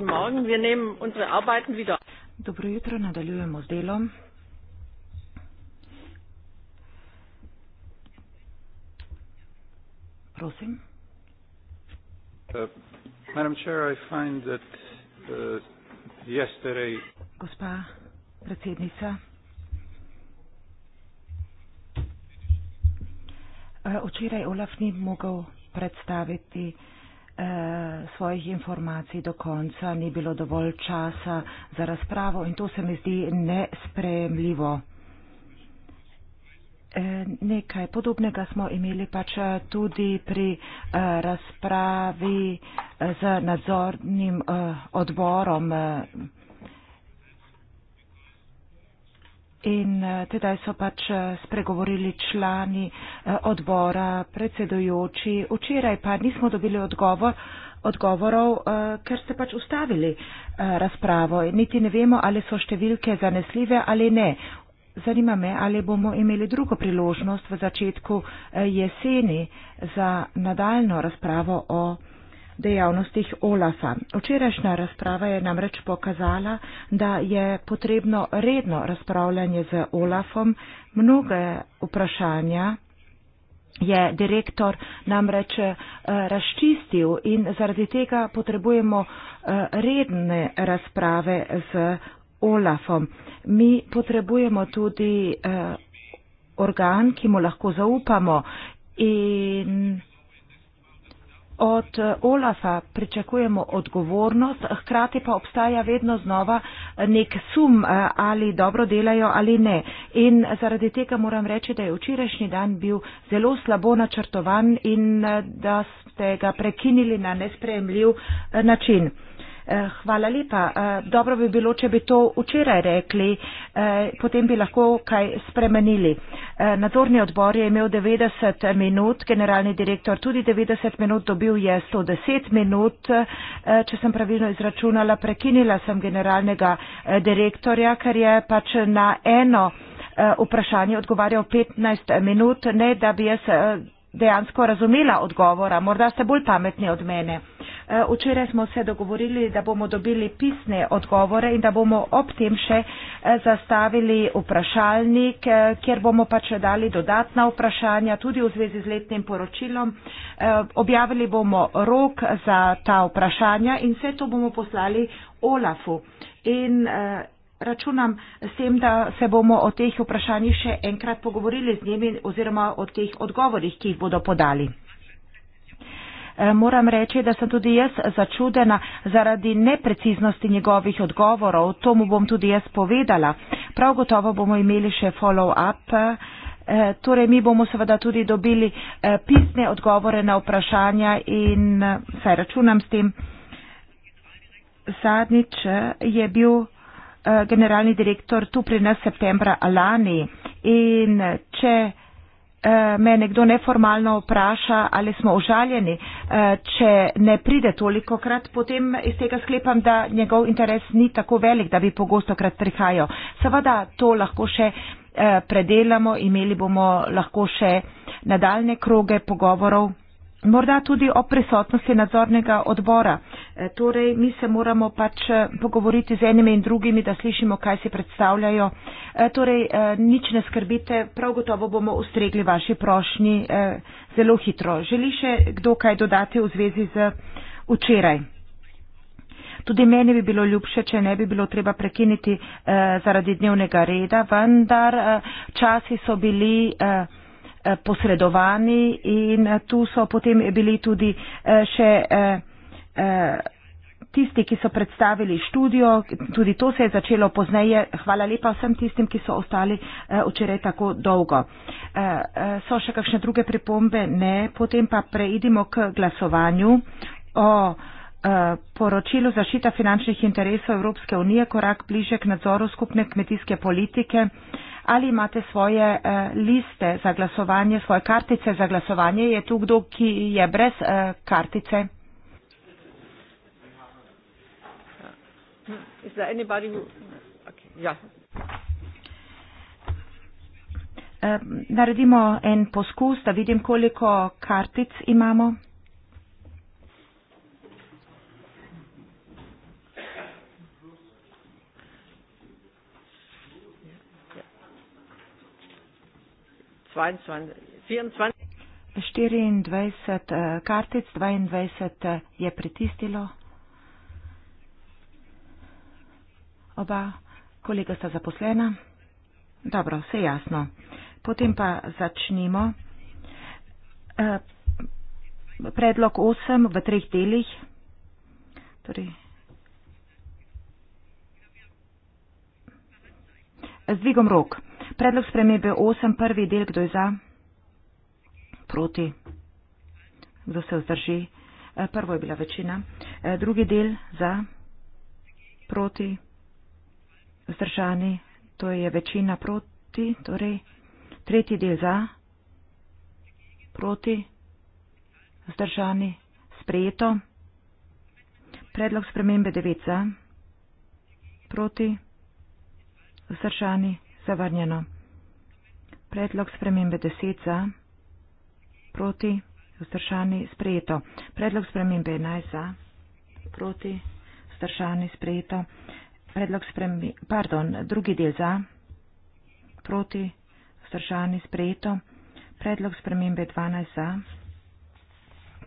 guten Morgen. Wir nehmen unsere Arbeiten wieder. Dobro jutro, nadaljujemo z delom. Prosim. Uh, madam chair, I find that uh, yesterday. Gospa predsednica. Uh, včeraj Olaf ni mogel predstaviti uh, svojih informacij do konca, ni bilo dovolj časa za razpravo in to se mi zdi nespremljivo. E, nekaj podobnega smo imeli pač e, tudi pri e, razpravi z nadzornim odborom. In tedaj so pač spregovorili člani odbora, predsedujoči. Včeraj pa nismo dobili odgovor odgovorov, eh, ker ste pač ustavili eh, razpravo. Niti ne vemo, ali so številke zanesljive ali ne. Zanima me, ali bomo imeli drugo priložnost v začetku eh, jeseni za nadaljno razpravo o dejavnostih OLAF-a. Včerajšnja razprava je namreč pokazala, da je potrebno redno razpravljanje z OLAF-om. Mnoge vprašanja je direktor namreč eh, razčistil in zaradi tega potrebujemo eh, redne razprave z Olafom. Mi potrebujemo tudi eh, organ, ki mu lahko zaupamo in Od eh, Olafa pričakujemo odgovornost, hkrati pa obstaja vedno znova eh, nek sum, eh, ali dobro delajo ali ne. In zaradi tega moram reči, da je včerajšnji dan bil zelo slabo načrtovan in da ste ga prekinili na nespremljiv način. Eh, hvala lepa. Eh, dobro bi bilo, če bi to včeraj rekli, eh, potem bi lahko kaj spremenili. Nadzorni odbor je imel 90 minut, generalni direktor tudi 90 minut, dobil je 110 minut, če sem pravilno izračunala, prekinila sem generalnega direktorja, ker je pač na eno vprašanje odgovarjal 15 minut, ne da bi jaz dejansko razumela odgovora. Morda ste bolj pametni od mene. Včeraj smo se dogovorili, da bomo dobili pisne odgovore in da bomo ob tem še eh, zastavili vprašalnik, eh, kjer bomo pač dali dodatna vprašanja tudi v zvezi z letnim poročilom. Eh, objavili bomo rok za ta vprašanja in vse to bomo poslali Olafu. In računam s tem, da se bomo o teh vprašanjih še enkrat pogovorili z njimi oziroma o teh odgovorih, ki jih bodo podali. Eh, moram reči, da sem tudi jaz začudena zaradi nepreciznosti njegovih odgovorov. To mu bom tudi jaz povedala. Prav gotovo bomo imeli še follow-up. Eh, torej, mi bomo seveda tudi dobili eh, pisne odgovore na vprašanja in saj računam s tem. Zadnjič je bil generalni direktor tu pri nas septembra lani in če Eh, me nekdo neformalno vpraša, ali smo užaljeni, eh, če ne pride toliko krat, potem iz tega sklepam, da njegov interes ni tako velik, da bi pogosto krat prihajal. Seveda to lahko še eh, predelamo, imeli bomo lahko še nadaljne kroge pogovorov. Morda tudi o prisotnosti nadzornega odbora. E, torej, mi se moramo pač e, pogovoriti z enimi in drugimi, da slišimo, kaj si predstavljajo. E, torej, nič ne skrbite, prav gotovo bomo ustregli vaši prošnji zelo hitro. Želi še kdo kaj dodati v zvezi z včeraj? Tudi meni bi bilo ljubše, če ne bi bilo treba prekiniti eh, zaradi dnevnega reda, vendar eh, časi so bili. Eh, Eh, posredovani in eh, tu so potem bili tudi eh, še tisti, ki so predstavili študijo, tudi to se je začelo pozneje. Hvala lepa vsem tistim, ki so ostali včeraj tako dolgo. So še kakšne druge pripombe? Ne. Potem pa preidimo k glasovanju o poročilu zašita finančnih interesov Evropske unije korak bliže k nadzoru skupne kmetijske politike ali imate svoje eh, liste za glasovanje, svoje kartice za glasovanje? Je tu kdo, ki je brez eh, kartice? Hmm, ja. eh, naredimo en poskus, da vidim, koliko kartic imamo. 22. 24 eh, kartic, 22 eh, je pritistilo. Oba kolega sta zaposlena. Dobro, vse jasno. Potem pa začnimo. Eh, predlog 8 v treh delih. Torej. Z dvigom rok. Predlog spremembe 8, prvi del, kdo je za? Proti. Kdo se vzdrži? E, prvo je bila večina. E, drugi del za, proti, vzdržani, to je večina proti, torej tretji del za, proti, vzdržani, sprejeto. Predlog spremembe 9 za, proti, vzdržani, zavrnjeno. Predlog spremembe 10 za, proti, vzdržani, sprejeto. Predlog spremembe 11 za, proti, vzdržani, sprejeto. Predlog spremembe, pardon, drugi del za, proti, vzdržani, sprejeto. Predlog spremembe 12 za,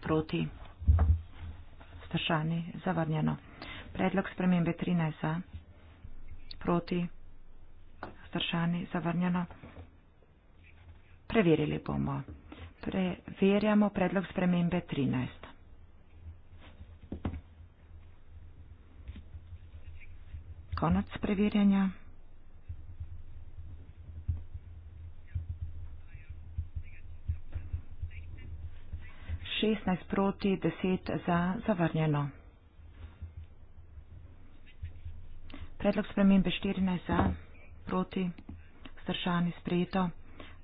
proti, vzdržani, zavrnjeno. Predlog spremembe 13 za, proti, vzdržani, sprejeto vzdržani, zavrnjeno. Preverili bomo. Preverjamo predlog spremembe 13. Konec preverjanja. Šestnajst proti deset za zavrnjeno. Predlog spremembe štirinajst za proti, vzdržani sprejeto,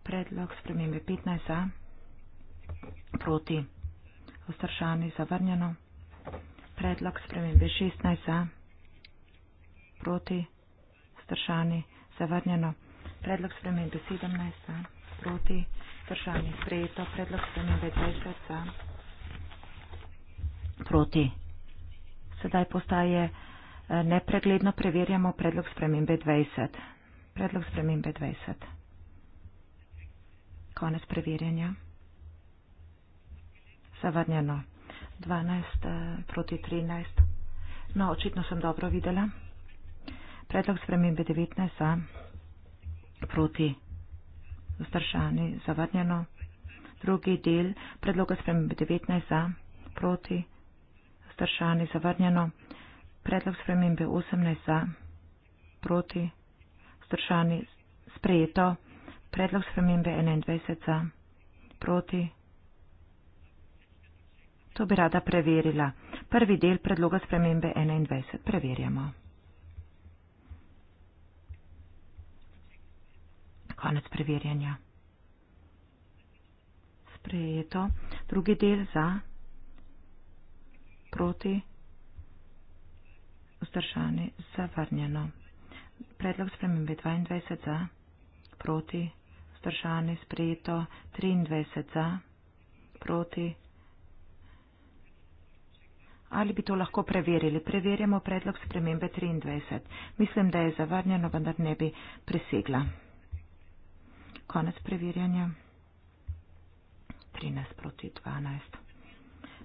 predlog spremembe 15 za, proti, vzdržani zavrnjeno, predlog spremembe 16 za, proti, vzdržani zavrnjeno, predlog spremembe 17 za, proti, vzdržani sprejeto, predlog spremembe 20 za, proti. Sedaj postaje eh, nepregledno, preverjamo predlog spremembe 20. Predlog spremembe 20. Konec preverjanja. Zavrnjeno. 12 eh, proti 13. No, očitno sem dobro videla. Predlog spremembe 19a proti vzdržani zavrnjeno. Drugi del predloga spremembe 19a proti vzdržani zavrnjeno. Predlog spremembe 18a proti vzdržani zavrnjeno vzdržani sprejeto predlog spremembe 21. proti. To bi rada preverila. Prvi del predloga spremembe 21. Preverjamo. Konec preverjanja. Sprejeto. Drugi del za. Proti. Vzdržani. Zavrnjeno predlog spremembe 22 za, proti, vzdržane, sprejeto, 23 za, proti. Ali bi to lahko preverili? Preverjamo predlog spremembe 23. Mislim, da je zavrnjeno, vendar ne bi presegla. Konec preverjanja. 13 proti 12.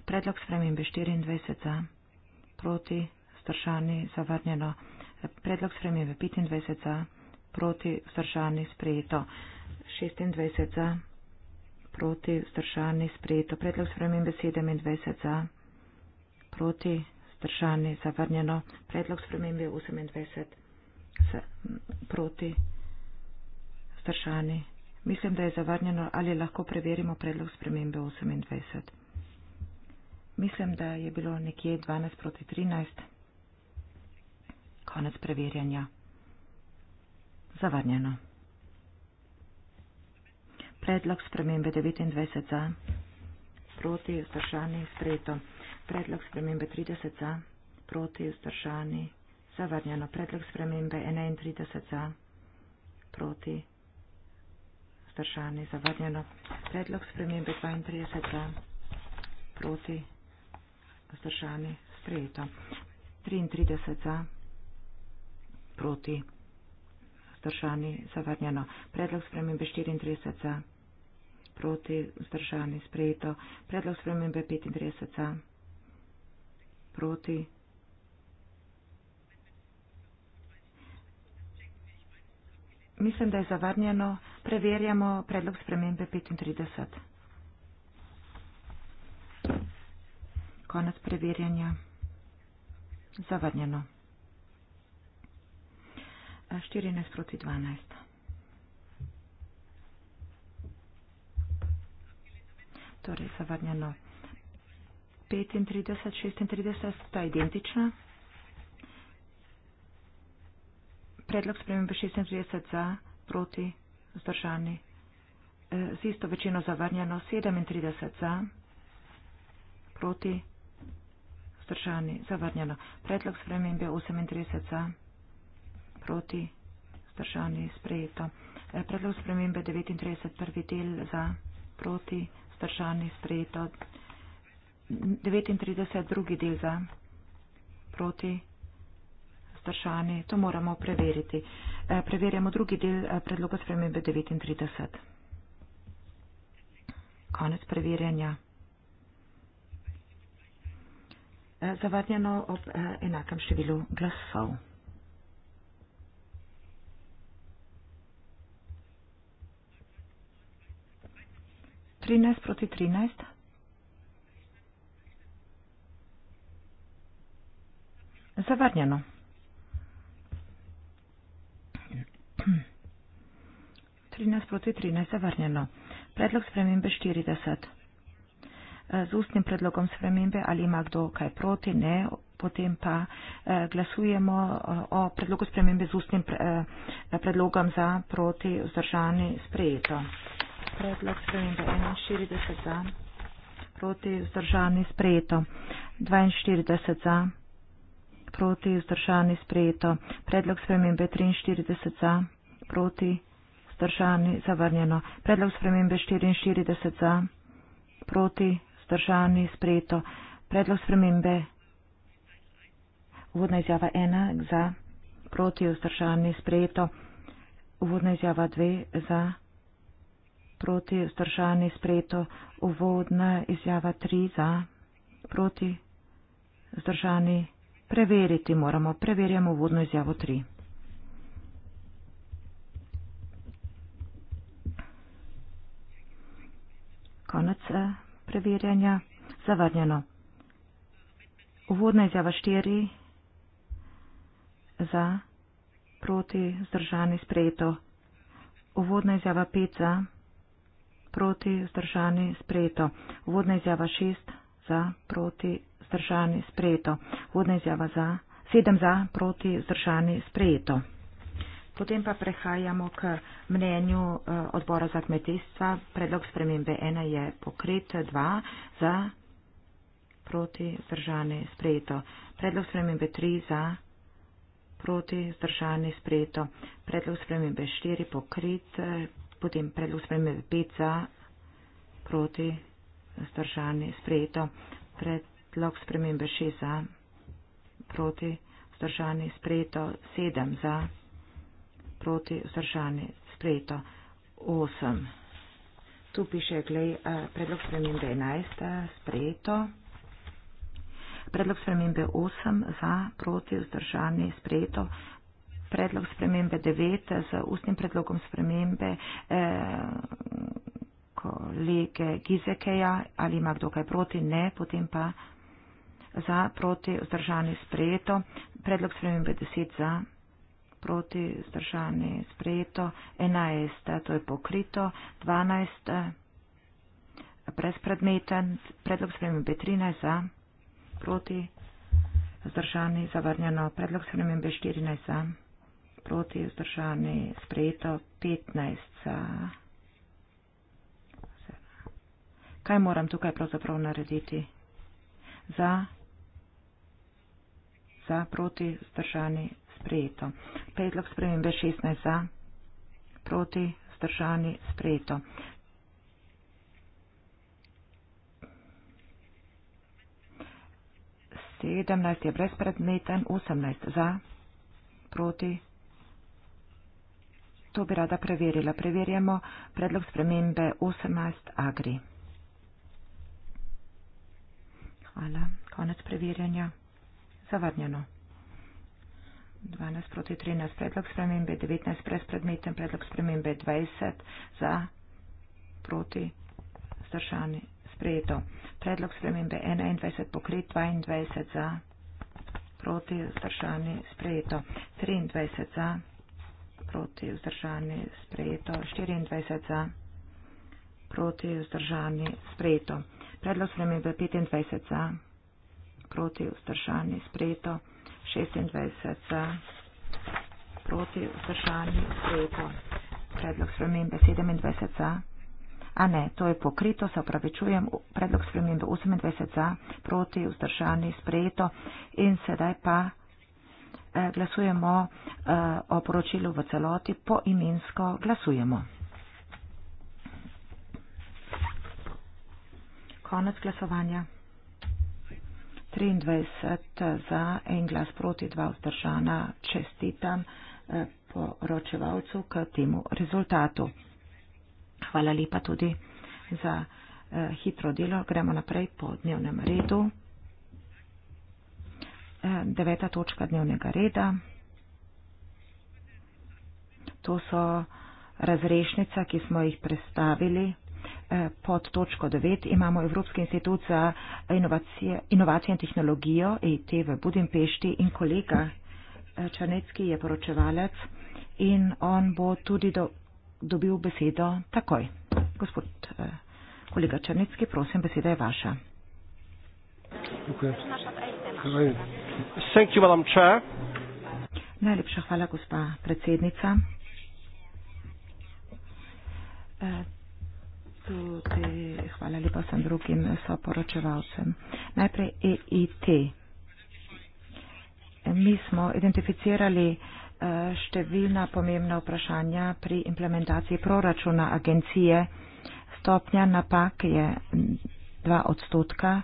Predlog spremembe 24 za, proti, vzdržane, zavrnjeno predlog spremembe 25 za, proti vzdržani sprejeto. 26 za, proti vzdržani sprejeto. Predlog spremembe 27 za, proti vzdržani zavrnjeno. Predlog spremembe 28 za, proti vzdržani. Mislim, da je zavrnjeno ali lahko preverimo predlog spremembe 28. Mislim, da je bilo nekje 12 proti 13. Konec preverjanja. Zavrnjeno. Predlog spremembe 29 za. Proti vzdržani sprejeto. Predlog spremembe 30 za. Proti vzdržani. Zavrnjeno. Predlog spremembe 31 za. Proti vzdržani. Zavrnjeno. Predlog spremembe 32 za. Proti vzdržani. Sprejeto. 33 za proti. Vzdržani zavrnjeno. Predlog spremembe 34. Za. Proti vzdržani sprejeto. Predlog spremembe 35. Za. Proti. Mislim, da je zavrnjeno. Preverjamo predlog spremembe 35. Konec preverjanja. Zavrnjeno. 14 proti 12. Torej, zavadnjeno 35, 36 sta identična. Predlog spremembe 36 za, proti, zdržani. Eh, z isto večino zavrnjeno 37 za, proti, zdržani, zavrnjeno. Predlog spremembe 38 za proti vzdržani sprejeto. E, predlog spremembe 39. prvi del za proti vzdržani sprejeto. 39. drugi del za proti vzdržani. To moramo preveriti. E, preverjamo drugi del e, predloga spremembe 39. Konec preverjanja. Zavadnjeno ob enakem številu glasov. 13 proti 13. Zavrnjeno. Trinajst proti trinajst zavrnjeno. Predlog spremembe štirideset. E, z ustnim predlogom spremembe ali ima kdo kaj proti, ne, potem pa e, glasujemo e, o predlogu spremembe z ustnim predlogom za proti vzdržani sprejeto predlog spremembe 41 za, proti vzdržani sprejeto, 42 za, proti vzdržani sprejeto, predlog spremembe 43 za, proti vzdržani zavrnjeno, predlog spremembe 44 za, proti vzdržani sprejeto, predlog spremembe uvodna izjava 1 za, proti vzdržani sprejeto, uvodna izjava 2 za, proti vzdržani sprejeto proti vzdržani sprejeto uvodna izjava 3 za proti vzdržani preveriti moramo. Preverjamo uvodno izjavo 3. Konec eh, preverjanja. Zavrnjeno. Uvodna izjava 4 za proti vzdržani sprejeto. Uvodna izjava 5 za proti, zdržani, sprejeto. Vodna izjava šest za, proti, zdržani, sprejeto. Vodna izjava za, sedem za, proti, zdržani, sprejeto. Potem pa prehajamo k mnenju eh, odbora za kmetijstva. Predlog spremembe ena je pokrit, dva za, proti, zdržani, sprejeto. Predlog spremembe tri za, proti, zdržani, sprejeto. Predlog spremembe štiri pokrit potem predlog spremembe PECA proti vzdržani sprejeto, predlog spremembe ŠESA proti vzdržani sprejeto, sedem za proti vzdržani sprejeto, osem. Tu piše, glej, eh, predlog spremembe enajst eh, sprejeto. Predlog spremembe 8 za proti vzdržanje sprejeto predlog spremembe 9 z ustnim predlogom spremembe eh, kolege Gizekeja. Ali ima kdo kaj proti? Ne. Potem pa za, proti, vzdržani, sprejeto. Predlog spremembe 10 za, proti, vzdržani, sprejeto. 11, to je pokrito. 12, brezpredmeten. Predlog spremembe 13 za, proti, vzdržani, zavrnjeno. Predlog spremembe 14 za proti je zdržani sprejeto 15. Kaj moram tukaj pravzaprav narediti? Za, za proti zdržani sprejeto. Predlog spremembe 16 za, proti zdržani sprejeto. Sedemnajst je brezpredmeten, osemnajst za, proti To bi rada preverila. Preverjamo predlog spremembe 18 agri. Hvala. Konec preverjanja. Zavrnjeno. 12 proti 13 predlog spremembe, 19 brez predmeten predlog spremembe, 20 za proti zdržani sprejeto. Predlog spremembe 21 pokrit, 22 za proti zdržani sprejeto, 23 za proti vzdržani sprejeto, 24 za proti vzdržani sprejeto. Predlog spremembe 25 za proti vzdržani sprejeto, 26 za proti vzdržani sprejeto. Predlog spremembe 27 za. A ne, to je pokrito, se opravičujem, predlog spremembe 28 za proti vzdržani sprejeto in sedaj pa glasujemo eh, o poročilu v celoti, po imensko glasujemo. Konec glasovanja. 23 eh, za, en glas proti, dva vzdržana. Čestitam eh, poročevalcu k temu rezultatu. Hvala lepa tudi za hitro delo. Gremo naprej po dnevnem redu deveta točka dnevnega reda. To so razrešnica, ki smo jih predstavili. Eh, pod točko 9 imamo Evropski institut za inovacije, inovacije in tehnologijo ET v Budimpešti in kolega eh, Črnecki je poročevalec in on bo tudi do, dobil besedo takoj. Gospod eh, kolega Črnecki, prosim, beseda je vaša. Okay. Thank you, Madam Chair. Najlepša hvala, gospa predsednica. E, tudi hvala lepa vsem drugim soporočevalcem. Najprej EIT. Mi smo identificirali e, številna pomembna vprašanja pri implementaciji proračuna agencije. Stopnja napak je 2 odstotka.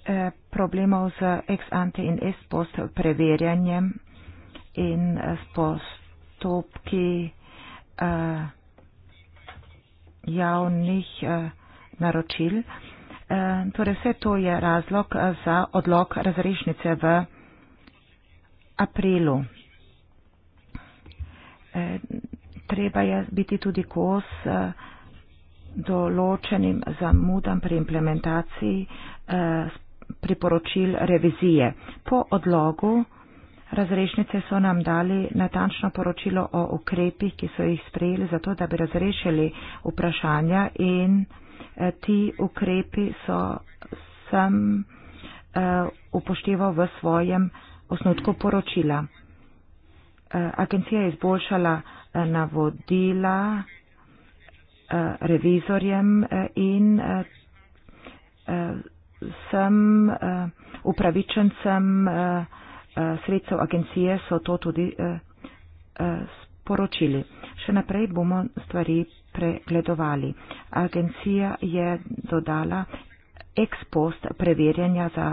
Eh, problemov z ex ante in ex post preverjanjem in eh, s postopki uh, javnih uh, naročil. Uh, torej vse to je razlog za odlog razrešnice v aprilu. Uh, treba je biti tudi kos. Uh, določenim zamudam pri implementaciji eh, priporočil revizije. Po odlogu razrešnice so nam dali natančno poročilo o ukrepih, ki so jih sprejeli zato, da bi razrešili vprašanja in eh, ti ukrepi so sem eh, upošteval v svojem osnutku poročila. Eh, agencija je izboljšala navodila revizorjem in sem eh, upravičencem eh, eh, sredstev agencije, so to tudi sporočili. Še naprej bomo stvari pregledovali. Agencija je dodala ekspost preverjanja za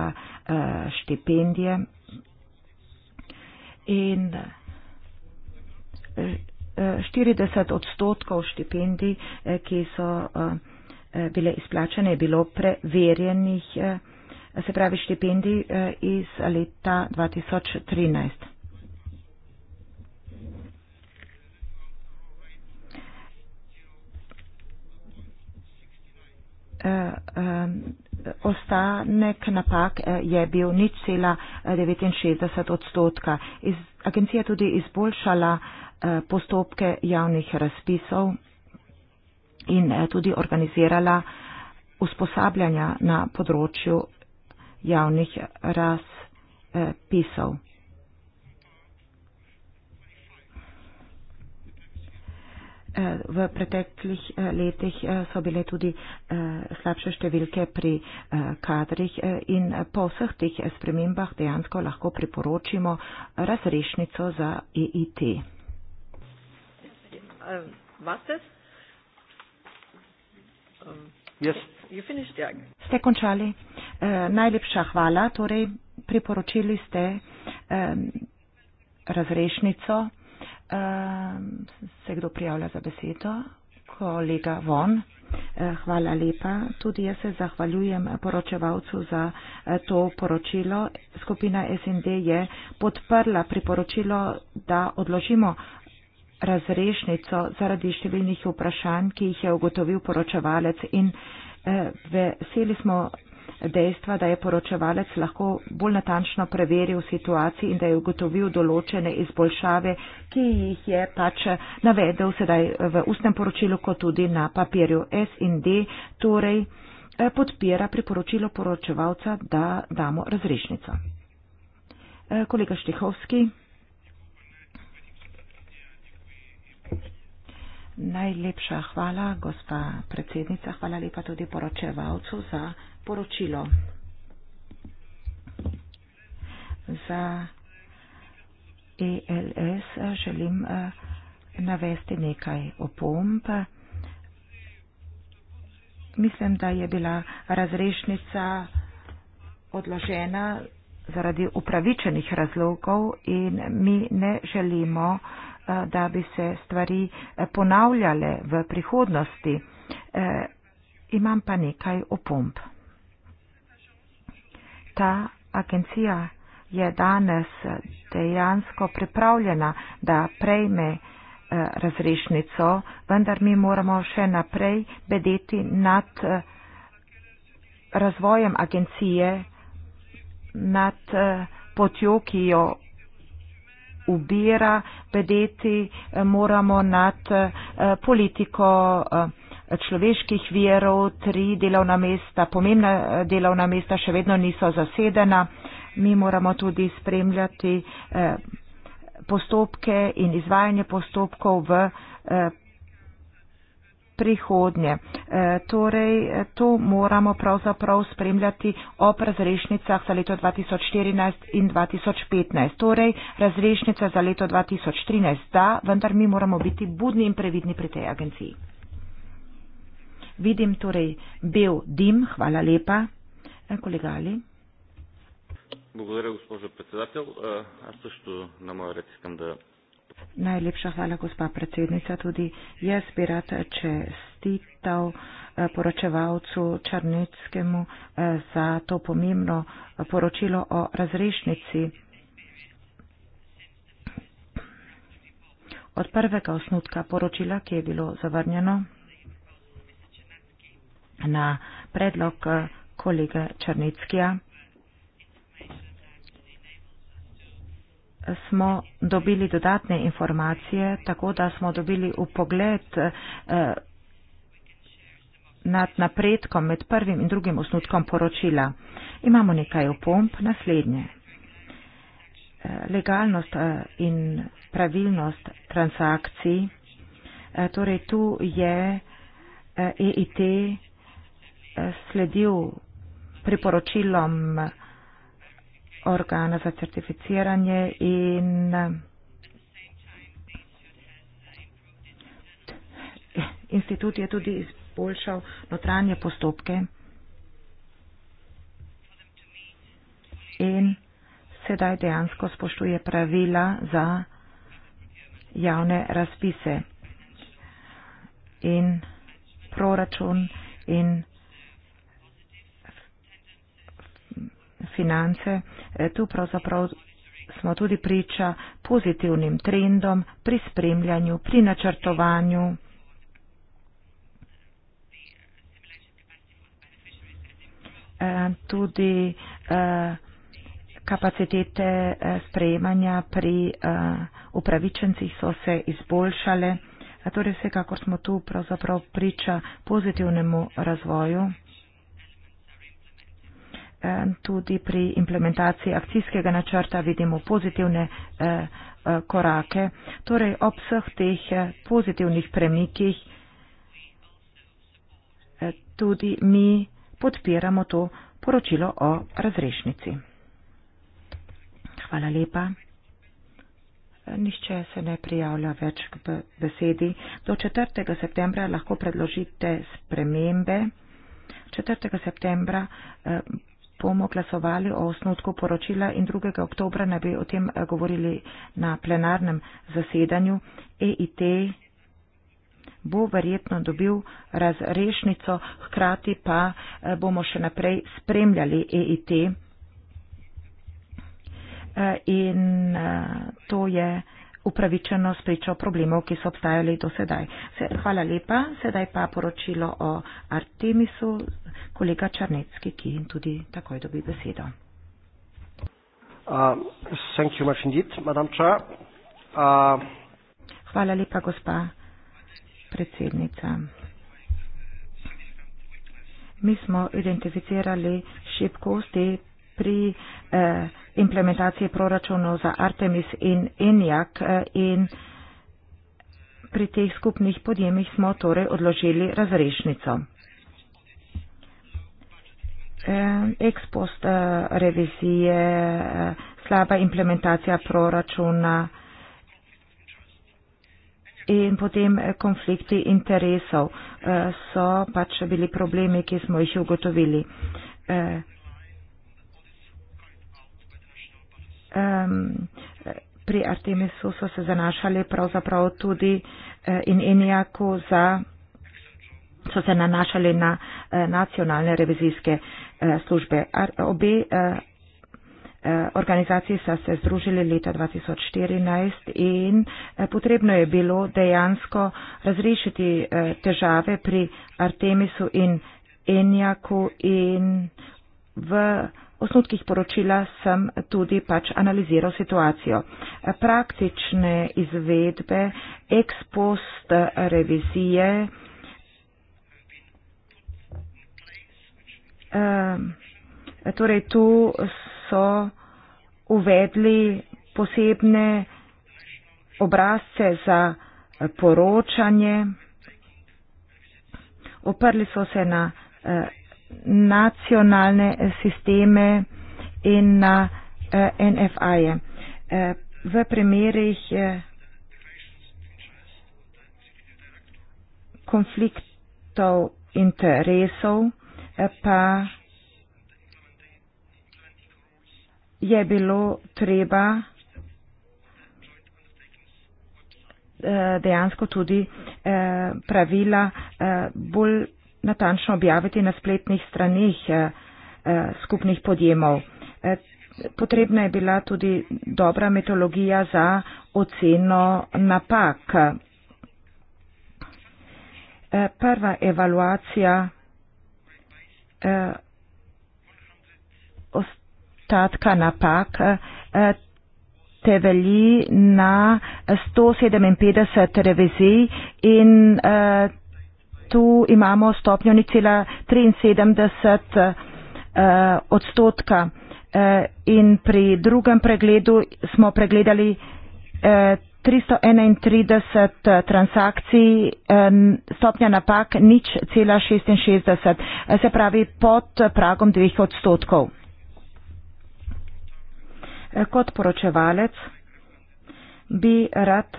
štipendije in 40 odstotkov štipendij, ki so Eh, bile izplačane, je bilo preverjenih, eh, se pravi, štipendij eh, iz leta 2013. Ostanek napak je bil nič cela 69 odstotka. Agencija je tudi izboljšala postopke javnih razpisov in eh, tudi organizirala usposabljanja na področju javnih razpisov. Eh, v preteklih eh, letih so bile tudi slabše številke pri kadrih in po vseh teh spremembah dejansko lahko priporočimo razrešnico za EIT. Vastest? Um, yes. Ste končali. Uh, najlepša hvala. Torej, priporočili ste um, razrešnico. Um, se kdo prijavlja za besedo? Kolega Von. Eh, hvala lepa. Tudi jaz se zahvaljujem poročevalcu za eh, to poročilo. Skupina SND je podprla priporočilo, da odložimo razrešnico zaradi številnih vprašanj, ki jih je ugotovil poročevalec in eh, veseli smo dejstva, da je poročevalec lahko bolj natančno preveril situacijo in da je ugotovil določene izboljšave, ki jih je pač navedel sedaj v ustnem poročilu, kot tudi na papirju S in D, torej eh, podpira priporočilo poročevalca, da damo razrešnico. Eh, kolega Štihovski. Najlepša hvala, gospa predsednica. Hvala lepa tudi poročevalcu za poročilo. Za ELS eh, želim eh, navesti nekaj opomb. Mislim, da je bila razrešnica odložena zaradi upravičenih razlogov in mi ne želimo da bi se stvari ponavljale v prihodnosti. Imam pa nekaj opomb. Ta agencija je danes dejansko pripravljena, da prejme razrešnico, vendar mi moramo še naprej bedeti nad razvojem agencije, nad potjo, ki jo ubira bedeti, eh, moramo nad eh, politiko eh, človeških verov, tri delovna mesta, pomembna delovna mesta še vedno niso zasedena. Mi moramo tudi spremljati postopke in izvajanje postopkov v prihodnje. E, torej, to moramo pravzaprav spremljati ob razrešnicah za leto 2014 in 2015. Torej, razrešnica za leto 2013, da, vendar mi moramo biti budni in previdni pri tej agenciji. Vidim torej bel dim, hvala lepa. E, kolega Ali. Благодаря, госпожо председател. Аз също на моя ред искам да Najlepša hvala, gospa predsednica. Tudi jaz bi rad čestital eh, poročevalcu Črneckemu eh, za to pomembno eh, poročilo o razrešnici. Od prvega osnutka poročila, ki je bilo zavrnjeno na predlog kolega Črneckija. smo dobili dodatne informacije, tako da smo dobili upogled eh, nad napredkom med prvim in drugim osnutkom poročila. Imamo nekaj opomp naslednje. Eh, legalnost eh, in pravilnost transakcij. Torej tu je EIT e sledil priporočilom organa za certificiranje in institut je tudi izboljšal notranje postopke in sedaj dejansko spoštuje pravila za javne razpise in proračun in finance, e, tu pravzaprav smo tudi priča pozitivnim trendom pri spremljanju, pri načrtovanju. E, tudi e, kapacitete sprejemanja pri upravičencih so se izboljšale. Torej, vsekakor smo tu pravzaprav priča pozitivnemu razvoju. Eh, tudi pri implementaciji akcijskega načrta vidimo pozitivne eh, eh, korake. Torej, ob vseh teh pozitivnih premikih tudi mi podpiramo to poročilo o razrešnici. Hvala lepa. Nišče se ne prijavlja več k besedi. Do 4. septembra lahko predložite spremembe. 4. septembra bomo glasovali o osnutku poročila in 2. oktobra ne bi o tem eh, govorili na plenarnem zasedanju. EIT bo verjetno dobil razrešnico, hkrati pa eh, bomo še naprej spremljali EIT. Eh, in to je upravičenost pričo problemov, ki so obstajali do sedaj. Se, hvala lepa. Sedaj pa poročilo o Artemisu, kolega Črnecki, ki tudi takoj dobi besedo. Uh, much indeed, uh, hvala lepa, gospa predsednica. Mi smo identificirali šibkosti pri eh, implementaciji proračunov za Artemis in Enjak eh, in pri teh skupnih podjemih smo torej odložili razrešnico. Eh, ex post eh, revizije, eh, slaba implementacija proračuna in potem konflikti interesov so pač bili problemi, ki smo jih ugotovili. um, pri Artemisu so se zanašali pravzaprav tudi uh, in enijako za so se nanašali na eh, nacionalne revizijske eh, službe. Ar, obe eh, organizaciji so se združili leta 2014 in eh, potrebno je bilo dejansko razrešiti eh, težave pri Artemisu in Enjaku in v osnutkih poročila sem tudi pač analiziral situacijo. Praktične izvedbe, ex post revizije, torej tu so uvedli posebne obrazce za poročanje, oprli so se na eh, nacionalne sisteme in na eh, NFI-je. Eh, v primerih eh, konfliktov interesov eh, pa je bilo treba eh, dejansko tudi eh, pravila eh, bolj natančno objaviti na spletnih stranih eh, eh, skupnih podjemov. Eh, potrebna je bila tudi dobra metodologija za oceno napak. Prva evaluacija ostatka napak te velji na 157 revizij in tu imamo stopnjo ni cela 73 eh, odstotka eh, in pri drugem pregledu smo pregledali 331 eh, transakcij, stopnja napak nič cela 66, se pravi pod pragom dveh odstotkov. Kot poročevalec bi rad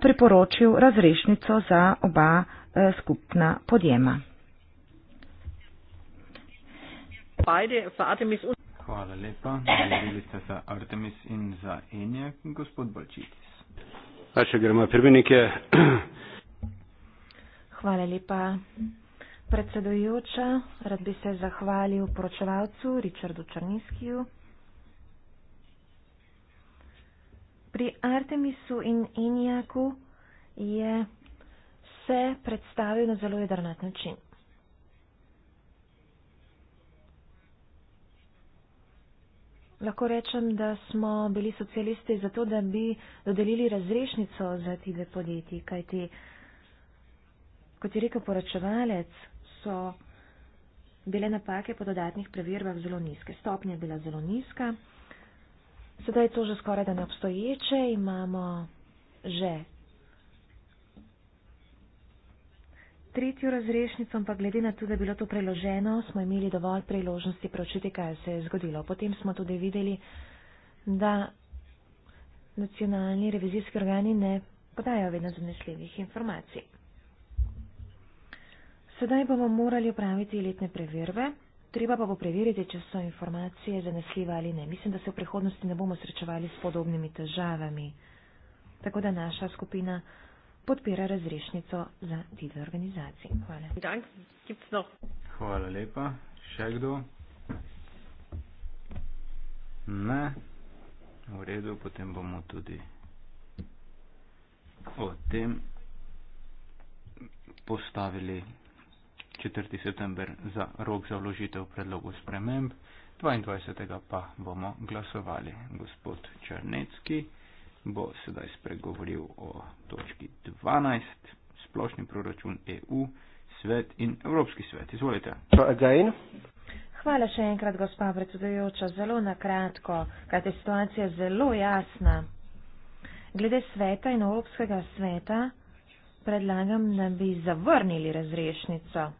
priporočil razrešnico za oba. Eh, skupna podjema. Hvala lepa. Zdravili ste za Artemis in za Enje, gospod Balčitis. A če gremo prvi nekje. Hvala lepa. Predsedujoča, rad bi se zahvalil poročevalcu Richardu Črniskiju. Pri Artemisu in Enjaku je vse predstavil na zelo jedrnat način. Lahko rečem, da smo bili socialisti zato, da bi dodelili razrešnico za ti dve podjetji, kajti, kot je rekel poročevalec, so bile napake po dodatnih preverbah zelo nizke. Stopnja je bila zelo nizka. Sedaj je to že skoraj da neobstoječe. Imamo že Tretjo razrešnico, ampak glede na to, da je bilo to preloženo, smo imeli dovolj priložnosti pročiti, kaj se je zgodilo. Potem smo tudi videli, da nacionalni revizijski organi ne podajo vedno zanesljivih informacij. Sedaj bomo morali upraviti letne preverbe. Treba pa bo preveriti, če so informacije zanesljive ali ne. Mislim, da se v prihodnosti ne bomo srečevali s podobnimi težavami. Tako da naša skupina podpira razrešnico za tide organizacije. Hvala. Hvala lepa. Še kdo? Ne. V redu, potem bomo tudi o tem postavili 4. september za rok za vložitev predlogu sprememb, 22. pa bomo glasovali gospod Črnecki bo sedaj spregovoril o točki 12, splošni proračun EU, svet in Evropski svet. Izvolite. Hvala še enkrat, gospa predsedujoča. Zelo na kratko, kaj je situacija zelo jasna. Glede sveta in Evropskega sveta predlagam, da bi zavrnili razrešnico.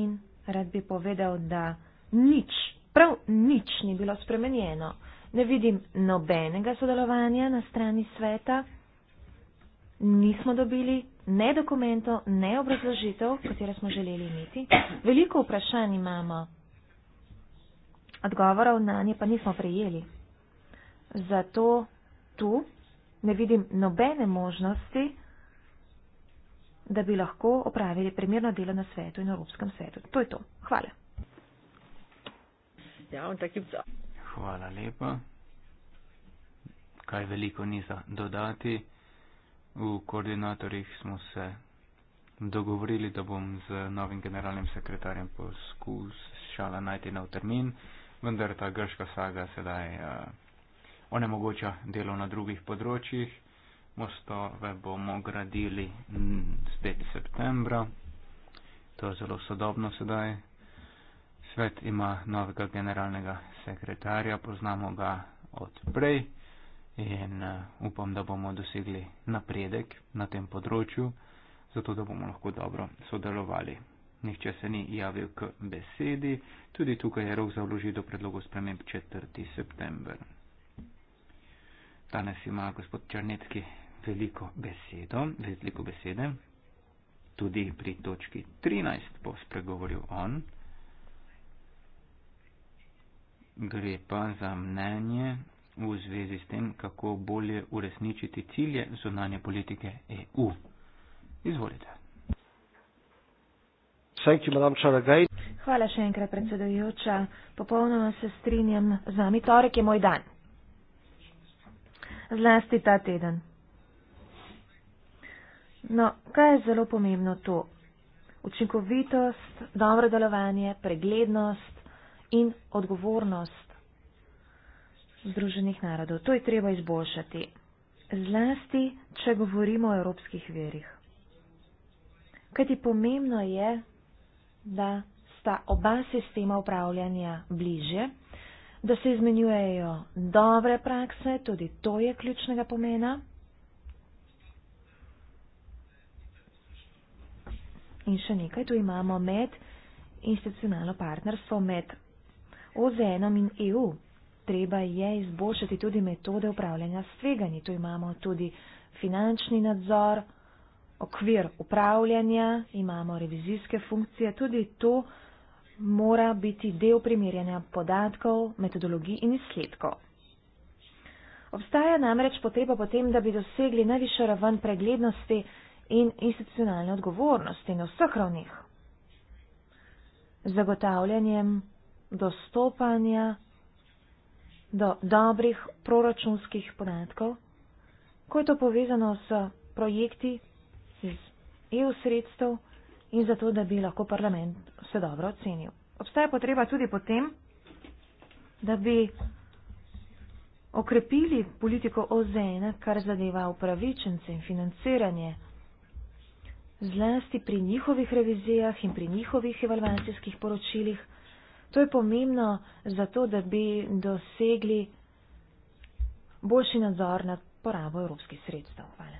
In rad bi povedal, da nič, prav nič ni bilo spremenjeno ne vidim nobenega sodelovanja na strani sveta, nismo dobili ne dokumento, ne obrazložitev, katero smo želeli imeti. Veliko vprašanj imamo, odgovorov na nje pa nismo prejeli. Zato tu ne vidim nobene možnosti, da bi lahko opravili primerno delo na svetu in na Evropskem svetu. To je to. Hvala. Ja, und da gibt es Hvala lepa. Kaj veliko ni za dodati. V koordinatorjih smo se dogovorili, da bom z novim generalnim sekretarjem poskušala najti nov termin, vendar ta grška saga sedaj uh, onemogoča delo na drugih področjih. Mostove bomo gradili spet septembra. To je zelo sodobno sedaj, svet ima novega generalnega sekretarja, poznamo ga od prej in eh, upam, da bomo dosegli napredek na tem področju, zato da bomo lahko dobro sodelovali. Nihče se ni javil k besedi, tudi tukaj je rok za vložitev predlogov sprememb 4. september. Danes ima gospod Črnetki veliko besedo, veliko besede, tudi pri točki 13 bo spregovoril on gre pa za mnenje v zvezi s tem, kako bolje uresničiti cilje zunanje politike EU. Izvolite. Hvala še enkrat, predsedujoča. Popolnoma se strinjam z vami. Torek je moj dan. Zlasti ta teden. No, kaj je zelo pomembno to? Učinkovitost, dobro delovanje, preglednost, in odgovornost Združenih narodov. To je treba izboljšati, zlasti, če govorimo o evropskih verjih. Kajti pomembno je, da sta oba sistema upravljanja bliže, da se izmenjujejo dobre prakse, tudi to je ključnega pomena. In še nekaj, tu imamo med institucionalno partnerstvo, med OZN-om in EU. Treba je izboljšati tudi metode upravljanja s tveganji. Tu imamo tudi finančni nadzor, okvir upravljanja, imamo revizijske funkcije. Tudi to mora biti del primerjanja podatkov, metodologij in izsledkov. Obstaja namreč potreba potem, da bi dosegli najvišjo raven preglednosti in institucionalne odgovornosti na vseh ravnih. Zagotavljanjem dostopanja do dobrih proračunskih podatkov, ko je to povezano s projekti iz EU sredstev in zato, da bi lahko parlament vse dobro ocenil. Obstaja potreba tudi potem, da bi okrepili politiko OZN, kar zadeva upravičence in financiranje, zlasti pri njihovih revizijah in pri njihovih evalvacijskih poročilih. To je pomembno zato, da bi dosegli boljši nadzor nad porabo evropskih sredstev. Hvala.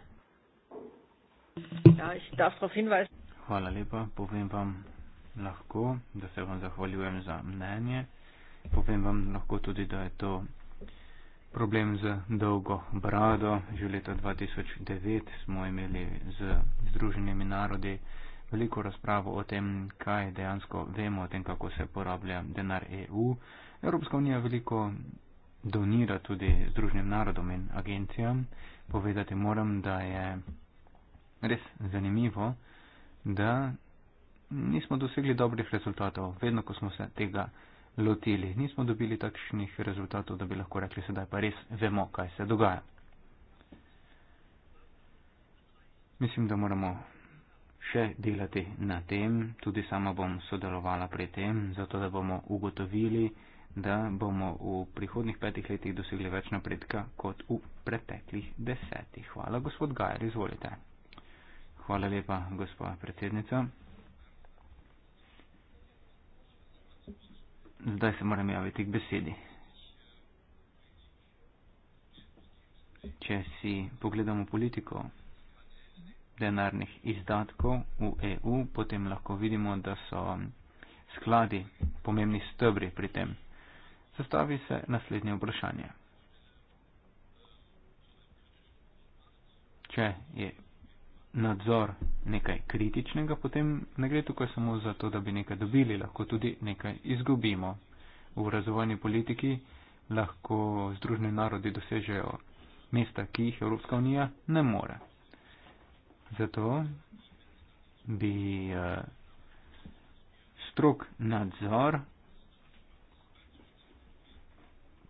Ja, Hvala lepa. Povem vam lahko, da se vam zahvaljujem za mnenje. Povem vam lahko tudi, da je to problem z dolgo brado. Že leta 2009 smo imeli z Združenimi narodi veliko razpravo o tem, kaj dejansko vemo o tem, kako se porablja denar EU. Evropska unija veliko donira tudi Združenim narodom in agencijam. Povedati moram, da je res zanimivo, da nismo dosegli dobrih rezultatov, vedno ko smo se tega lotili. Nismo dobili takšnih rezultatov, da bi lahko rekli, sedaj pa res vemo, kaj se dogaja. Mislim, da moramo še delati na tem, tudi sama bom sodelovala pri tem, zato da bomo ugotovili, da bomo v prihodnih petih letih dosegli več napredka kot v preteklih desetih. Hvala, gospod Gajer, izvolite. Hvala lepa, gospod predsednica. Zdaj se moram javiti k besedi. Če si pogledamo politiko, denarnih izdatkov v EU, potem lahko vidimo, da so skladi pomembni stebri pri tem. Zastavi se naslednje vprašanje. Če je nadzor nekaj kritičnega, potem ne gre tukaj samo za to, da bi nekaj dobili, lahko tudi nekaj izgubimo. V razvojni politiki lahko združeni narodi dosežejo mesta, ki jih Evropska unija ne more zato bi uh, strok nadzor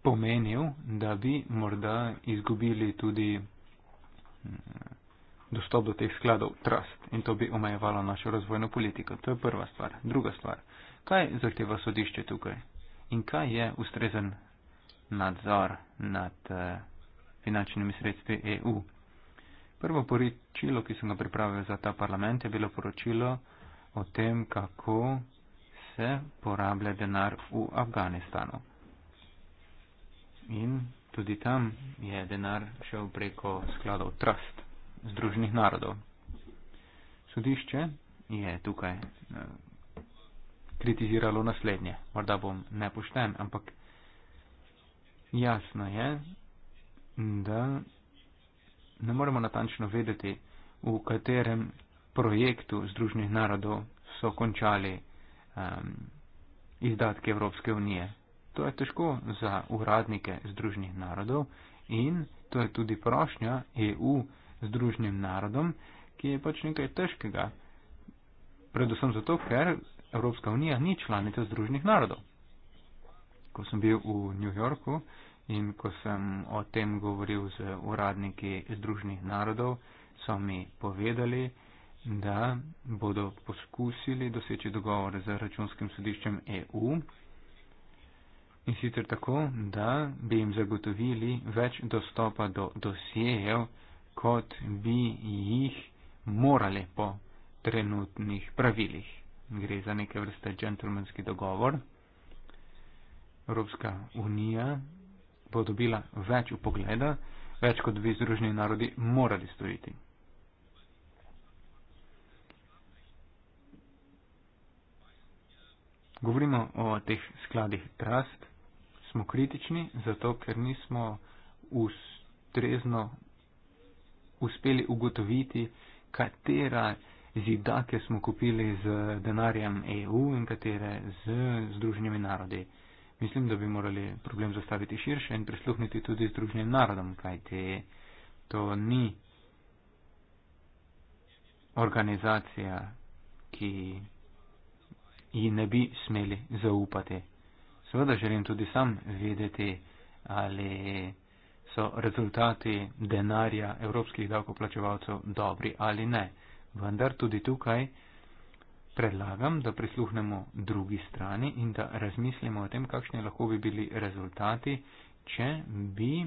pomenil, da bi morda izgubili tudi mm, dostop do teh skladov trust in to bi omejevalo našo razvojno politiko. To je prva stvar. Druga stvar. Kaj zahteva sodišče tukaj in kaj je ustrezen nadzor nad uh, finančnimi sredstvi EU? Prvo poročilo, ki sem ga pripravil za ta parlament, je bilo poročilo o tem, kako se porablja denar v Afganistanu. In tudi tam je denar šel preko skladov Trust Združenih narodov. Sodišče je tukaj eh, kritiziralo naslednje. Morda bom nepošten, ampak jasno je, da ne moremo natančno vedeti, v katerem projektu Združenih narodov so končali um, izdatki Evropske unije. To je težko za uradnike Združenih narodov in to je tudi prošnja EU Združenim narodom, ki je pač nekaj težkega. Predvsem zato, ker Evropska unija ni članica Združenih narodov. Ko sem bil v New Yorku, In ko sem o tem govoril z uradniki Združenih narodov, so mi povedali, da bodo poskusili doseči dogovor z računskim sodiščem EU in sicer tako, da bi jim zagotovili več dostopa do dosjejev, kot bi jih morali po trenutnih pravilih. Gre za neke vrste džentlmenski dogovor. Evropska unija bo dobila več upogleda, več kot bi združeni narodi morali storiti. Govorimo o teh skladih trust, smo kritični zato, ker nismo ustrezno uspeli ugotoviti, katera zidake smo kupili z denarjem EU in katere z združenimi narodi. Mislim, da bi morali problem zastaviti širše in prisluhniti tudi Združenim narodom, kajti to ni organizacija, ki ji ne bi smeli zaupati. Seveda želim tudi sam vedeti, ali so rezultati denarja evropskih davkoplačevalcev dobri ali ne. Vendar tudi tukaj predlagam, da prisluhnemo drugi strani in da razmislimo o tem, kakšni lahko bi bili rezultati, če bi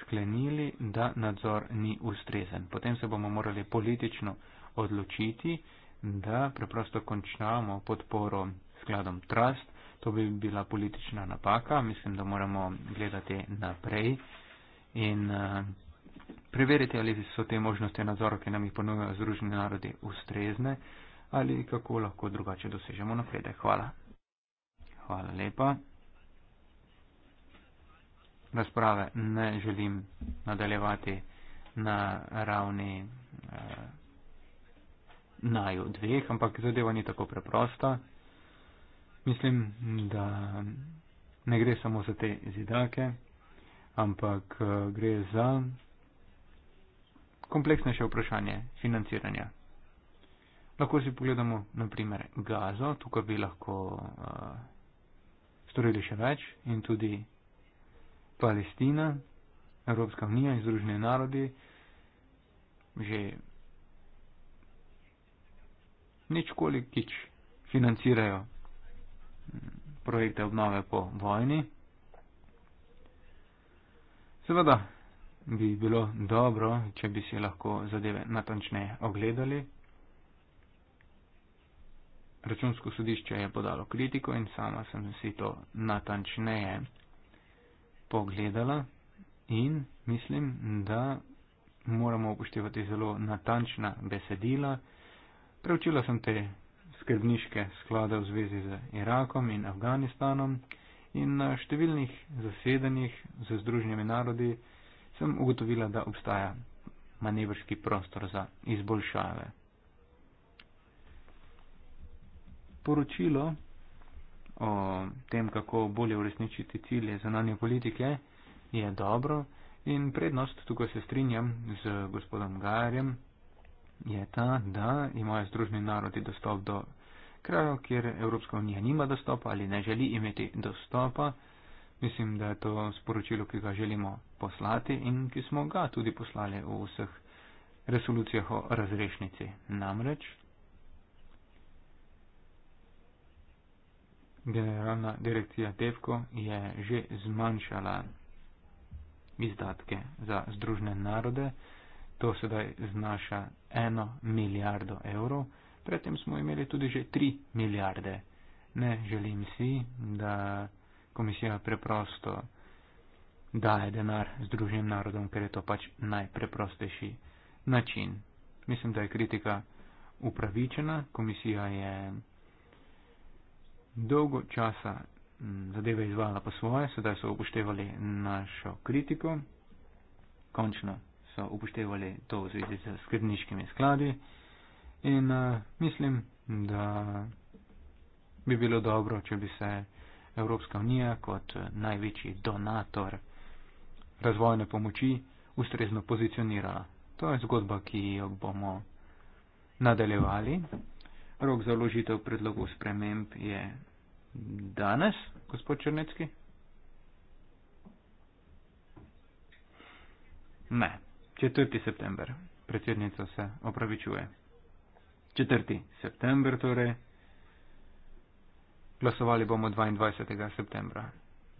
sklenili, da nadzor ni ustrezen. Potem se bomo morali politično odločiti, da preprosto končamo podporo skladom Trust. To bi bila politična napaka. Mislim, da moramo gledati naprej in uh, preveriti, ali so te možnosti nadzora, ki nam jih ponujajo Združeni narodi, ustrezne ali kako lahko drugače dosežemo napredek. Hvala. Hvala lepa. Razprave ne želim nadaljevati na ravni eh, naju dveh, ampak zadeva ni tako preprosta. Mislim, da ne gre samo za te zidake, ampak eh, gre za kompleksnejše vprašanje financiranja. Lahko si pogledamo, naprimer, gazo, tukaj bi lahko uh, storili še več in tudi Palestina, Evropska unija in Združene narodi že ničkolikič financirajo mm, projekte obnove po vojni. Seveda bi bilo dobro, če bi si lahko zadeve natančneje ogledali. Računsko sodišče je podalo kritiko in sama sem si to natančneje pogledala in mislim, da moramo upoštevati zelo natančna besedila. Preučila sem te skrbniške sklade v zvezi z Irakom in Afganistanom in na številnih zasedanjih z Združenimi narodi sem ugotovila, da obstaja manevrski prostor za izboljšave. poročilo o tem, kako bolje uresničiti cilje zanonje politike, je dobro in prednost, tukaj se strinjam z gospodom Garjem, je ta, da imajo združni narodi dostop do krajev, kjer Evropska unija nima dostopa ali ne želi imeti dostopa. Mislim, da je to sporočilo, ki ga želimo poslati in ki smo ga tudi poslali v vseh resolucijah o razrešnici. Namreč Generalna direkcija TEFKO je že zmanjšala izdatke za združne narode, to sedaj znaša eno milijardo evrov, predtem smo imeli tudi že tri milijarde. Ne želim si, da komisija preprosto daje denar združenim narodom, ker je to pač najpreprostejši način. Mislim, da je kritika upravičena, komisija je dolgo časa mm, zadeve izvajala po svoje, sedaj so upoštevali našo kritiko, končno so upoštevali to v zvezi z skrbniškimi skladi in uh, mislim, da bi bilo dobro, če bi se Evropska unija kot eh, največji donator razvojne pomoči ustrezno pozicionirala. To je zgodba, ki jo bomo nadaljevali rok za vložitev predlogov sprememb je danes, gospod Črnecki? Ne, 4. september, predsednica se opravičuje. 4. september torej, glasovali bomo 22. septembra.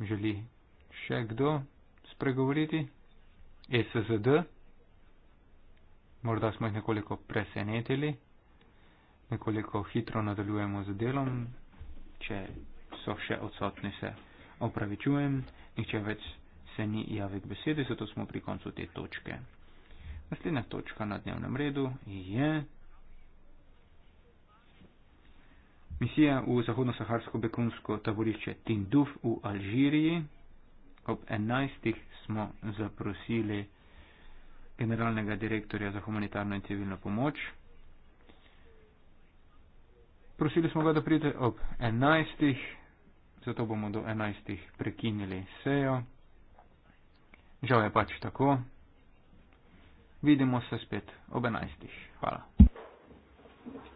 Želi še kdo spregovoriti? SZD? Morda smo jih nekoliko presenetili nekoliko hitro nadaljujemo z delom. Če so še odsotni, se opravičujem. Nihče več se ni javil k besedi, zato smo pri koncu te točke. Naslednja točka na dnevnem redu je misija v zahodno-saharsko bekunsko taborišče Tinduf v Alžiriji. Ob 11. smo zaprosili generalnega direktorja za humanitarno in civilno pomoč, prosili smo ga, da pride ob 11. Zato bomo do 11. prekinili sejo. Žal je pač tako. Vidimo se spet ob 11. Hvala. Thank you.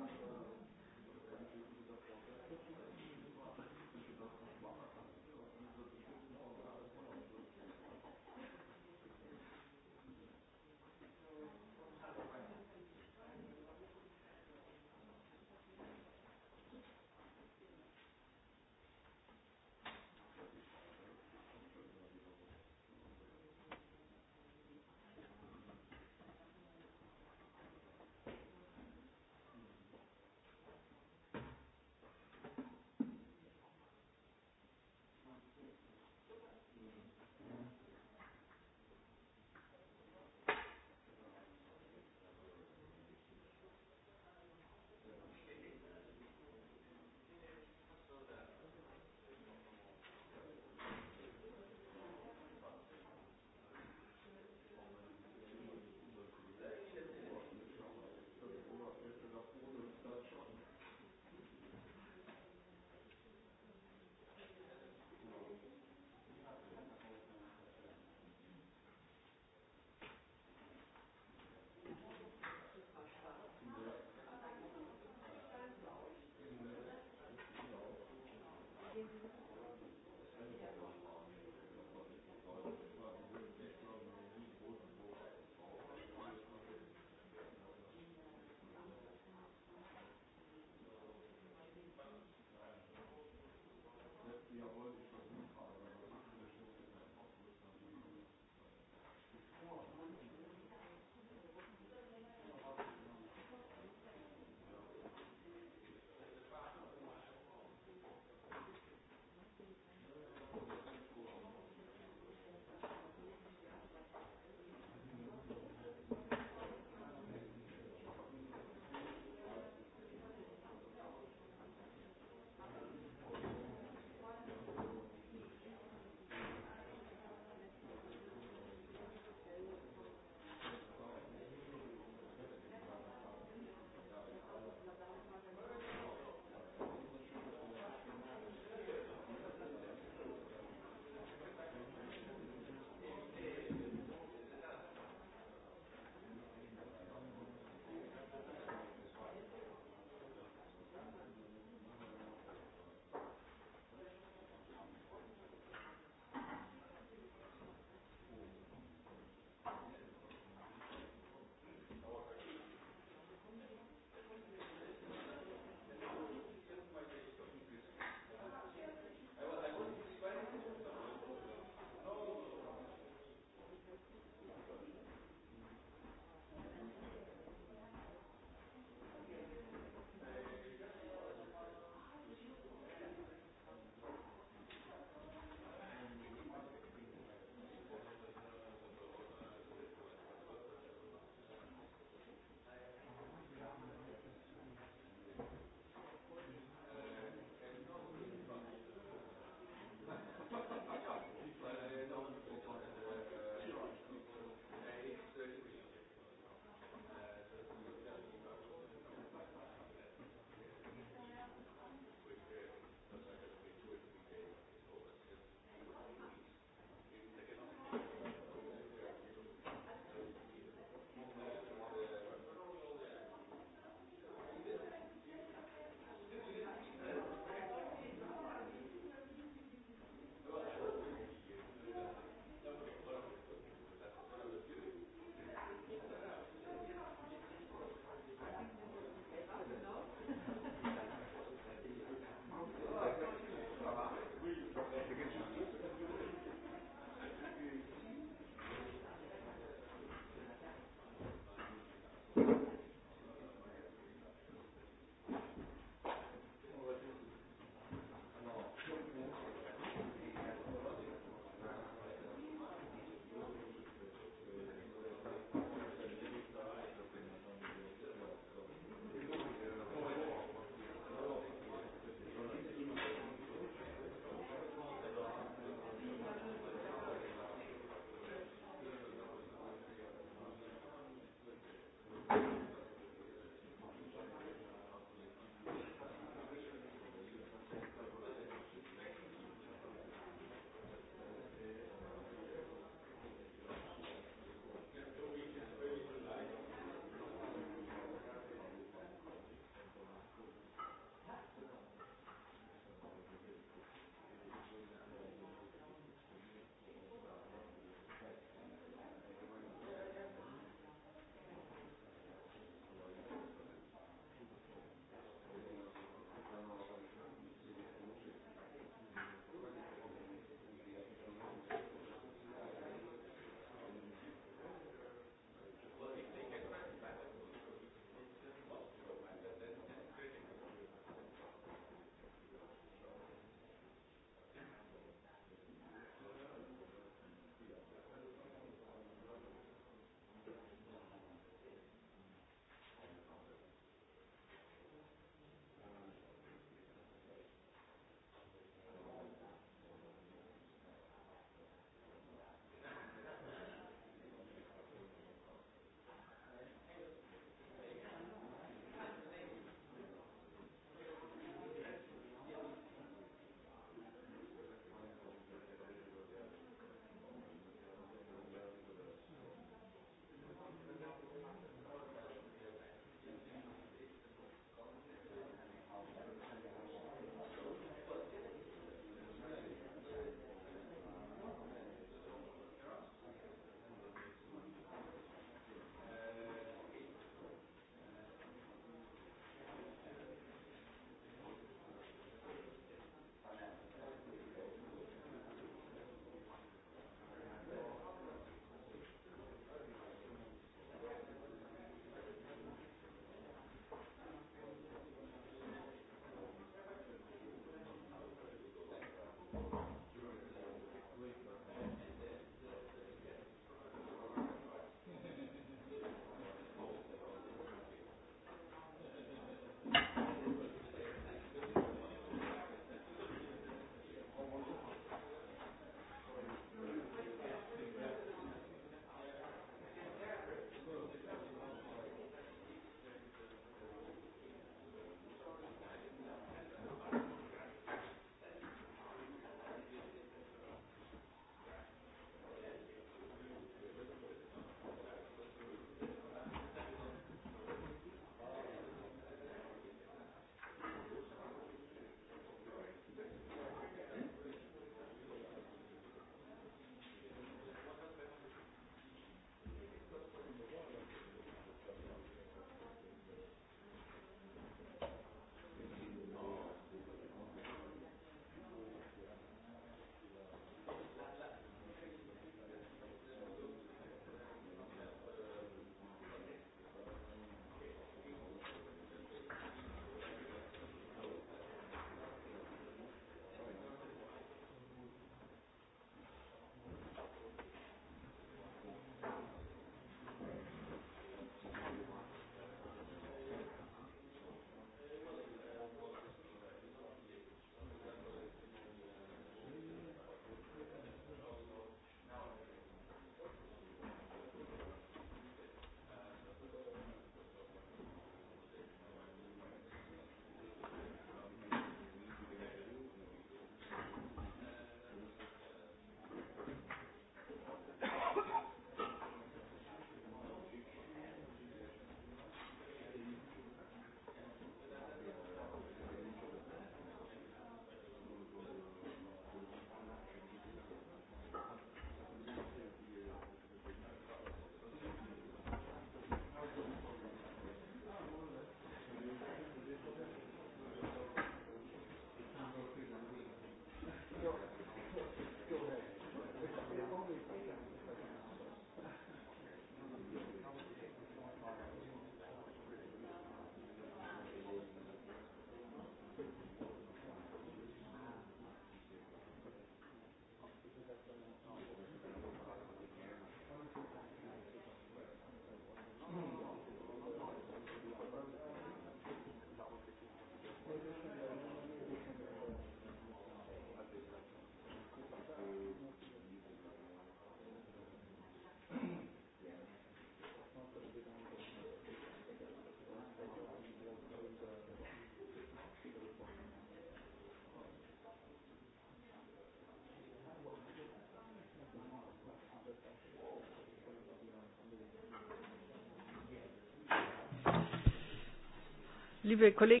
Liebe Kolleg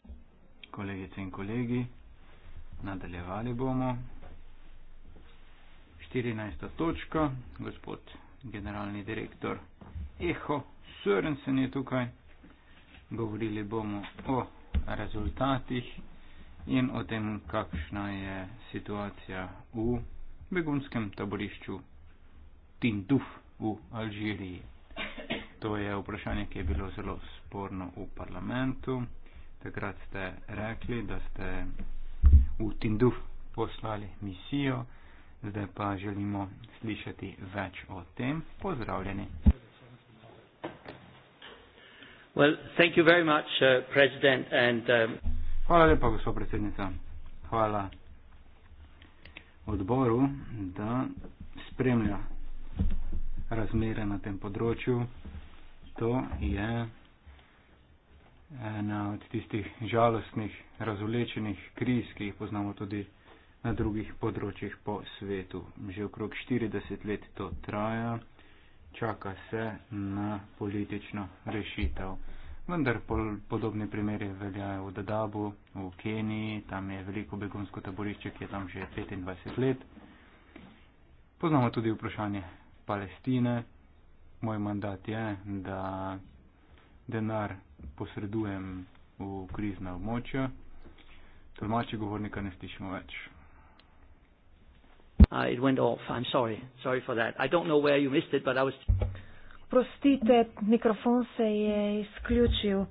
Kolegice in kolegi, nadaljevali bomo. 14. točka, gospod generalni direktor Eho Sörensen je tukaj. Govorili bomo o rezultatih in o tem, kakšna je situacija v begunskem taborišču Tinduf v Alžiriji. To je vprašanje, ki je bilo zelo sporno v parlamentu takrat ste rekli, da ste v Tinduf poslali misijo, zdaj pa želimo slišati več o tem. Pozdravljeni. Well, thank you very much, uh, President. And, um... Hvala lepa, gospod predsednica. Hvala odboru, da spremlja razmere na tem področju. To je. Yeah ena od tistih žalostnih, razulečenih kriz, ki jih poznamo tudi na drugih področjih po svetu. Že okrog 40 let to traja, čaka se na politično rešitev. Vendar pol, podobni primeri veljajo v Dadabu, v Keniji, tam je veliko begunsko taborišče, ki je tam že 25 let. Poznamo tudi vprašanje Palestine. Moj mandat je, da denar posredujem v krizna območja. Tolmače govornika ne slišimo več. Uh, it went off. I'm sorry. Sorry for that. I don't know where you missed it, but I was. Prostite, mikrofon se je izključil.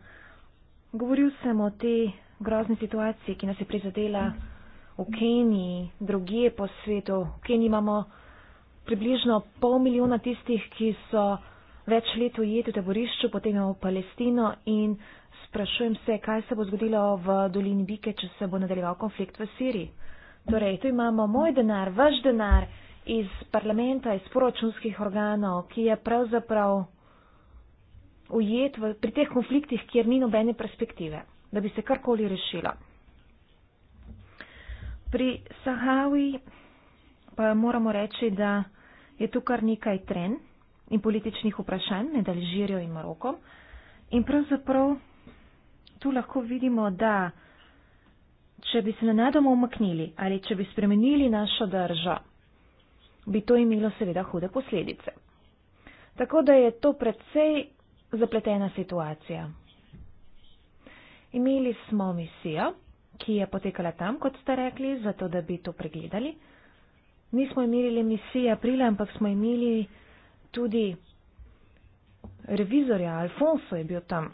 Govoril sem o tej grozni situaciji, ki nas je prizadela v Keniji, druge po svetu. V Keniji imamo približno pol milijona tistih, ki so več let ujet v taborišču, potem v Palestino in sprašujem se, kaj se bo zgodilo v dolini Bike, če se bo nadaljeval konflikt v Siriji. Torej, tu imamo moj denar, vaš denar iz parlamenta, iz proračunskih organov, ki je pravzaprav ujet v, pri teh konfliktih, kjer ni nobene perspektive, da bi se karkoli rešilo. Pri Sahavi pa moramo reči, da je tu kar nekaj trend in političnih vprašanj med Alžirijo in Marokom. In pravzaprav tu lahko vidimo, da če bi se nenadoma umaknili ali če bi spremenili našo držo, bi to imelo seveda hude posledice. Tako da je to predvsej zapletena situacija. Imeli smo misijo, ki je potekala tam, kot ste rekli, zato da bi to pregledali. Nismo imeli misije aprila, ampak smo imeli tudi revizorja Alfonso je bil tam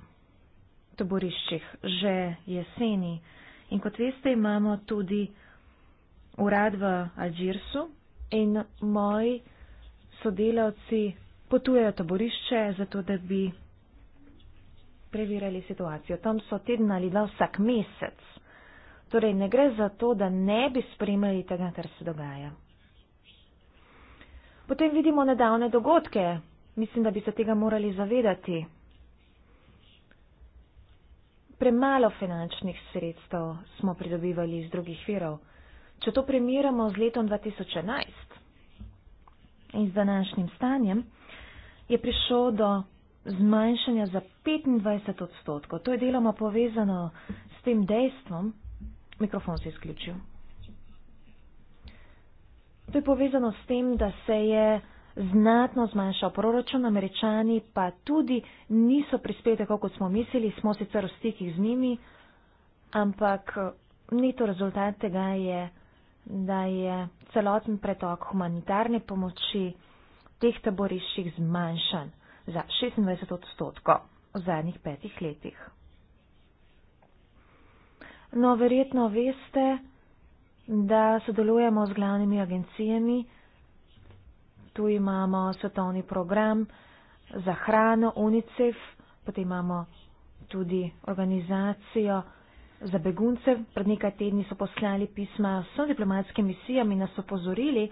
v taboriščih že jeseni. In kot veste, imamo tudi urad v Alžirsu in moji sodelavci potujejo taborišče, zato da bi preverjali situacijo. Tam so teden ali dva vsak mesec. Torej, ne gre za to, da ne bi spremljali tega, kar se dogaja. Potem vidimo nedavne dogodke. Mislim, da bi se tega morali zavedati. Premalo finančnih sredstev smo pridobivali iz drugih virov. Če to primiramo z letom 2011 in z današnjim stanjem, je prišlo do zmanjšanja za 25 odstotkov. To je deloma povezano s tem dejstvom. Mikrofon se je izključil. To je povezano s tem, da se je znatno zmanjšal proračun, američani pa tudi niso prispeli tako, kot smo mislili, smo sicer v stikih z njimi, ampak eh, neto rezultat tega je, da je celoten pretok humanitarne pomoči teh taboriščih zmanjšan za 26 odstotkov v zadnjih petih letih. No, verjetno veste, da sodelujemo z glavnimi agencijami. Tu imamo svetovni program za hrano UNICEF, potem imamo tudi organizacijo za begunce. Pred nekaj tedni so poslali pisma vsem diplomatskim misijam in nas opozorili,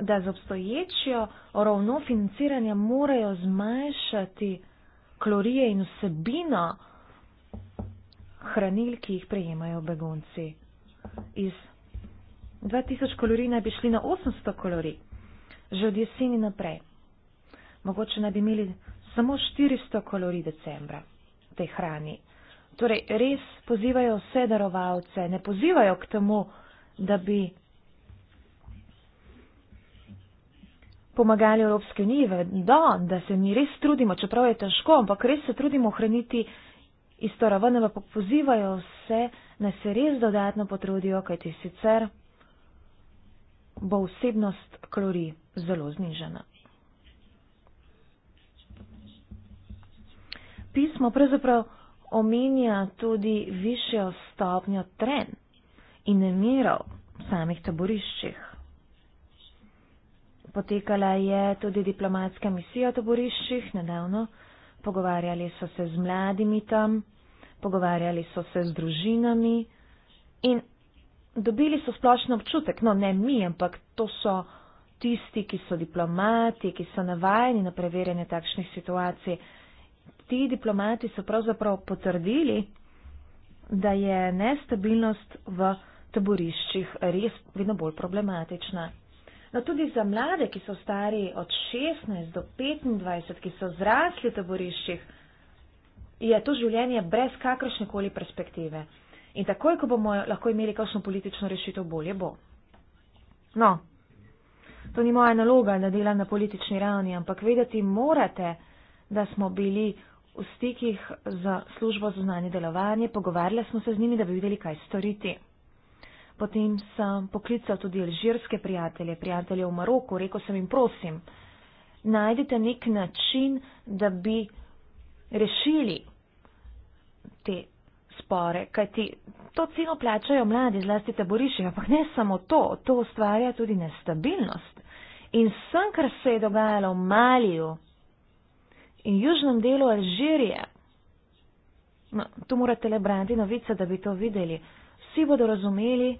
da z obstoječjo ravno financiranja morajo zmanjšati klorije in vsebino hranil, ki jih prejemajo begunci iz 2000 kalorij naj bi šli na 800 kalorij, že od jeseni naprej. Mogoče naj bi imeli samo 400 kalorij decembra v tej hrani. Torej, res pozivajo vse darovalce, ne pozivajo k temu, da bi pomagali Evropske unije, vedno, da se mi res trudimo, čeprav je težko, ampak res se trudimo ohraniti isto raven, pa pozivajo vse, da se res dodatno potrudijo, kajti sicer bo vsebnost klorij zelo znižena. Pismo pravzaprav omenja tudi višjo stopnjo tren in nemirov v samih taboriščih. Potekala je tudi diplomatska misija v taboriščih nedavno, pogovarjali so se z mladimi tam, pogovarjali so se z družinami in dobili so splošno občutek, no ne mi, ampak to so tisti, ki so diplomati, ki so navajeni na preverjanje takšnih situacij. Ti diplomati so pravzaprav potrdili, da je nestabilnost v taboriščih res vedno bolj problematična. No, tudi za mlade, ki so stari od 16 do 25, ki so zrasli v taboriščih, je to življenje brez kakršne koli perspektive. In takoj, ko bomo lahko imeli kakšno politično rešitev, bolje bo. No, to ni moja naloga, da delam na politični ravni, ampak vedeti morate, da smo bili v stikih z službo za znanje delovanje, pogovarjali smo se z njimi, da bi videli, kaj storiti. Potem sem poklical tudi alžirske prijatelje, prijatelje v Maroku, rekel sem jim, prosim, najdite nek način, da bi rešili spore, kajti to ceno plačajo mladi, zlasti taboriši, ampak ne samo to, to ustvarja tudi nestabilnost. In vsem, kar se je dogajalo v Maliju in južnem delu Alžirije, no, tu morate le brati novice, da bi to videli, vsi bodo razumeli,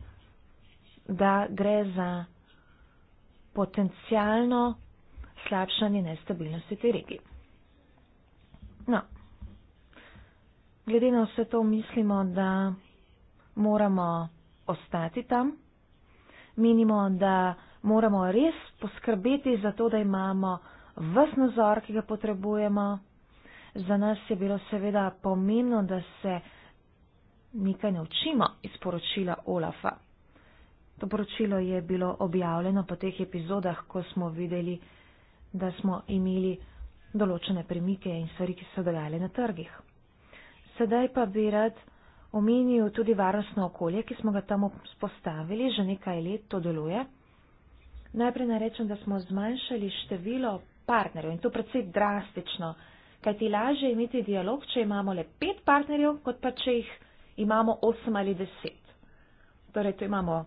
da gre za potencijalno slabšanje nestabilnosti te regije. No, glede na vse to mislimo, da moramo ostati tam. Menimo, da moramo res poskrbeti za to, da imamo vas nazor, ki ga potrebujemo. Za nas je bilo seveda pomembno, da se nekaj naučimo iz poročila Olafa. To poročilo je bilo objavljeno po teh epizodah, ko smo videli, da smo imeli določene premike in stvari, ki so dogajale na trgih. Sedaj pa bi rad omenil tudi varnostno okolje, ki smo ga tam spostavili, že nekaj let to deluje. Najprej narečem, da smo zmanjšali število partnerjev in to predvsej drastično, kaj ti laže imeti dialog, če imamo le pet partnerjev, kot pa če jih imamo osem ali deset. Torej, tu imamo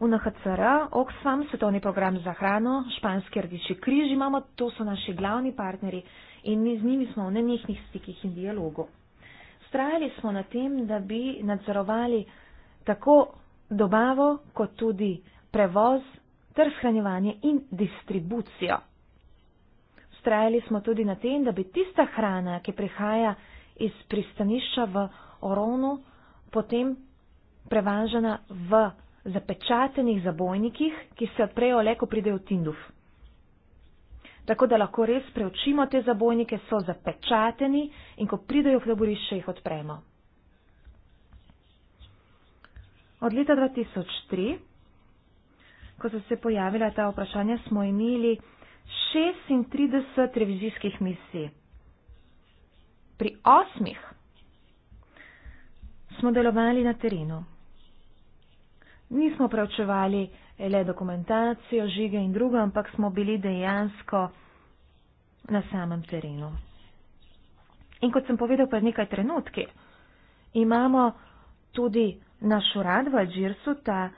UNHCR, Oxfam, Svetovni program za hrano, Španski rdiči križ imamo, to so naši glavni partnerji in mi z njimi smo v nenehnih stikih in dialogu. Strajali smo na tem, da bi nadzorovali tako dobavo, kot tudi prevoz, ter shranjevanje in distribucijo. Strajali smo tudi na tem, da bi tista hrana, ki prihaja iz pristanišča v Oronu, potem prevažena v zapečatenih zabojnikih, ki se odprejo le, ko pridejo v Tinduf tako da lahko res preučimo te zabojnike, so zapečateni in ko pridejo k taborišču, jih odpremo. Od leta 2003, ko so se pojavila ta vprašanja, smo imeli 36 revizijskih misij. Pri osmih smo delovali na terenu. Nismo preučevali le dokumentacijo žige in drugo, ampak smo bili dejansko na samem terenu. In kot sem povedal pred nekaj trenutki, imamo tudi naš urad v Alžirsu, ta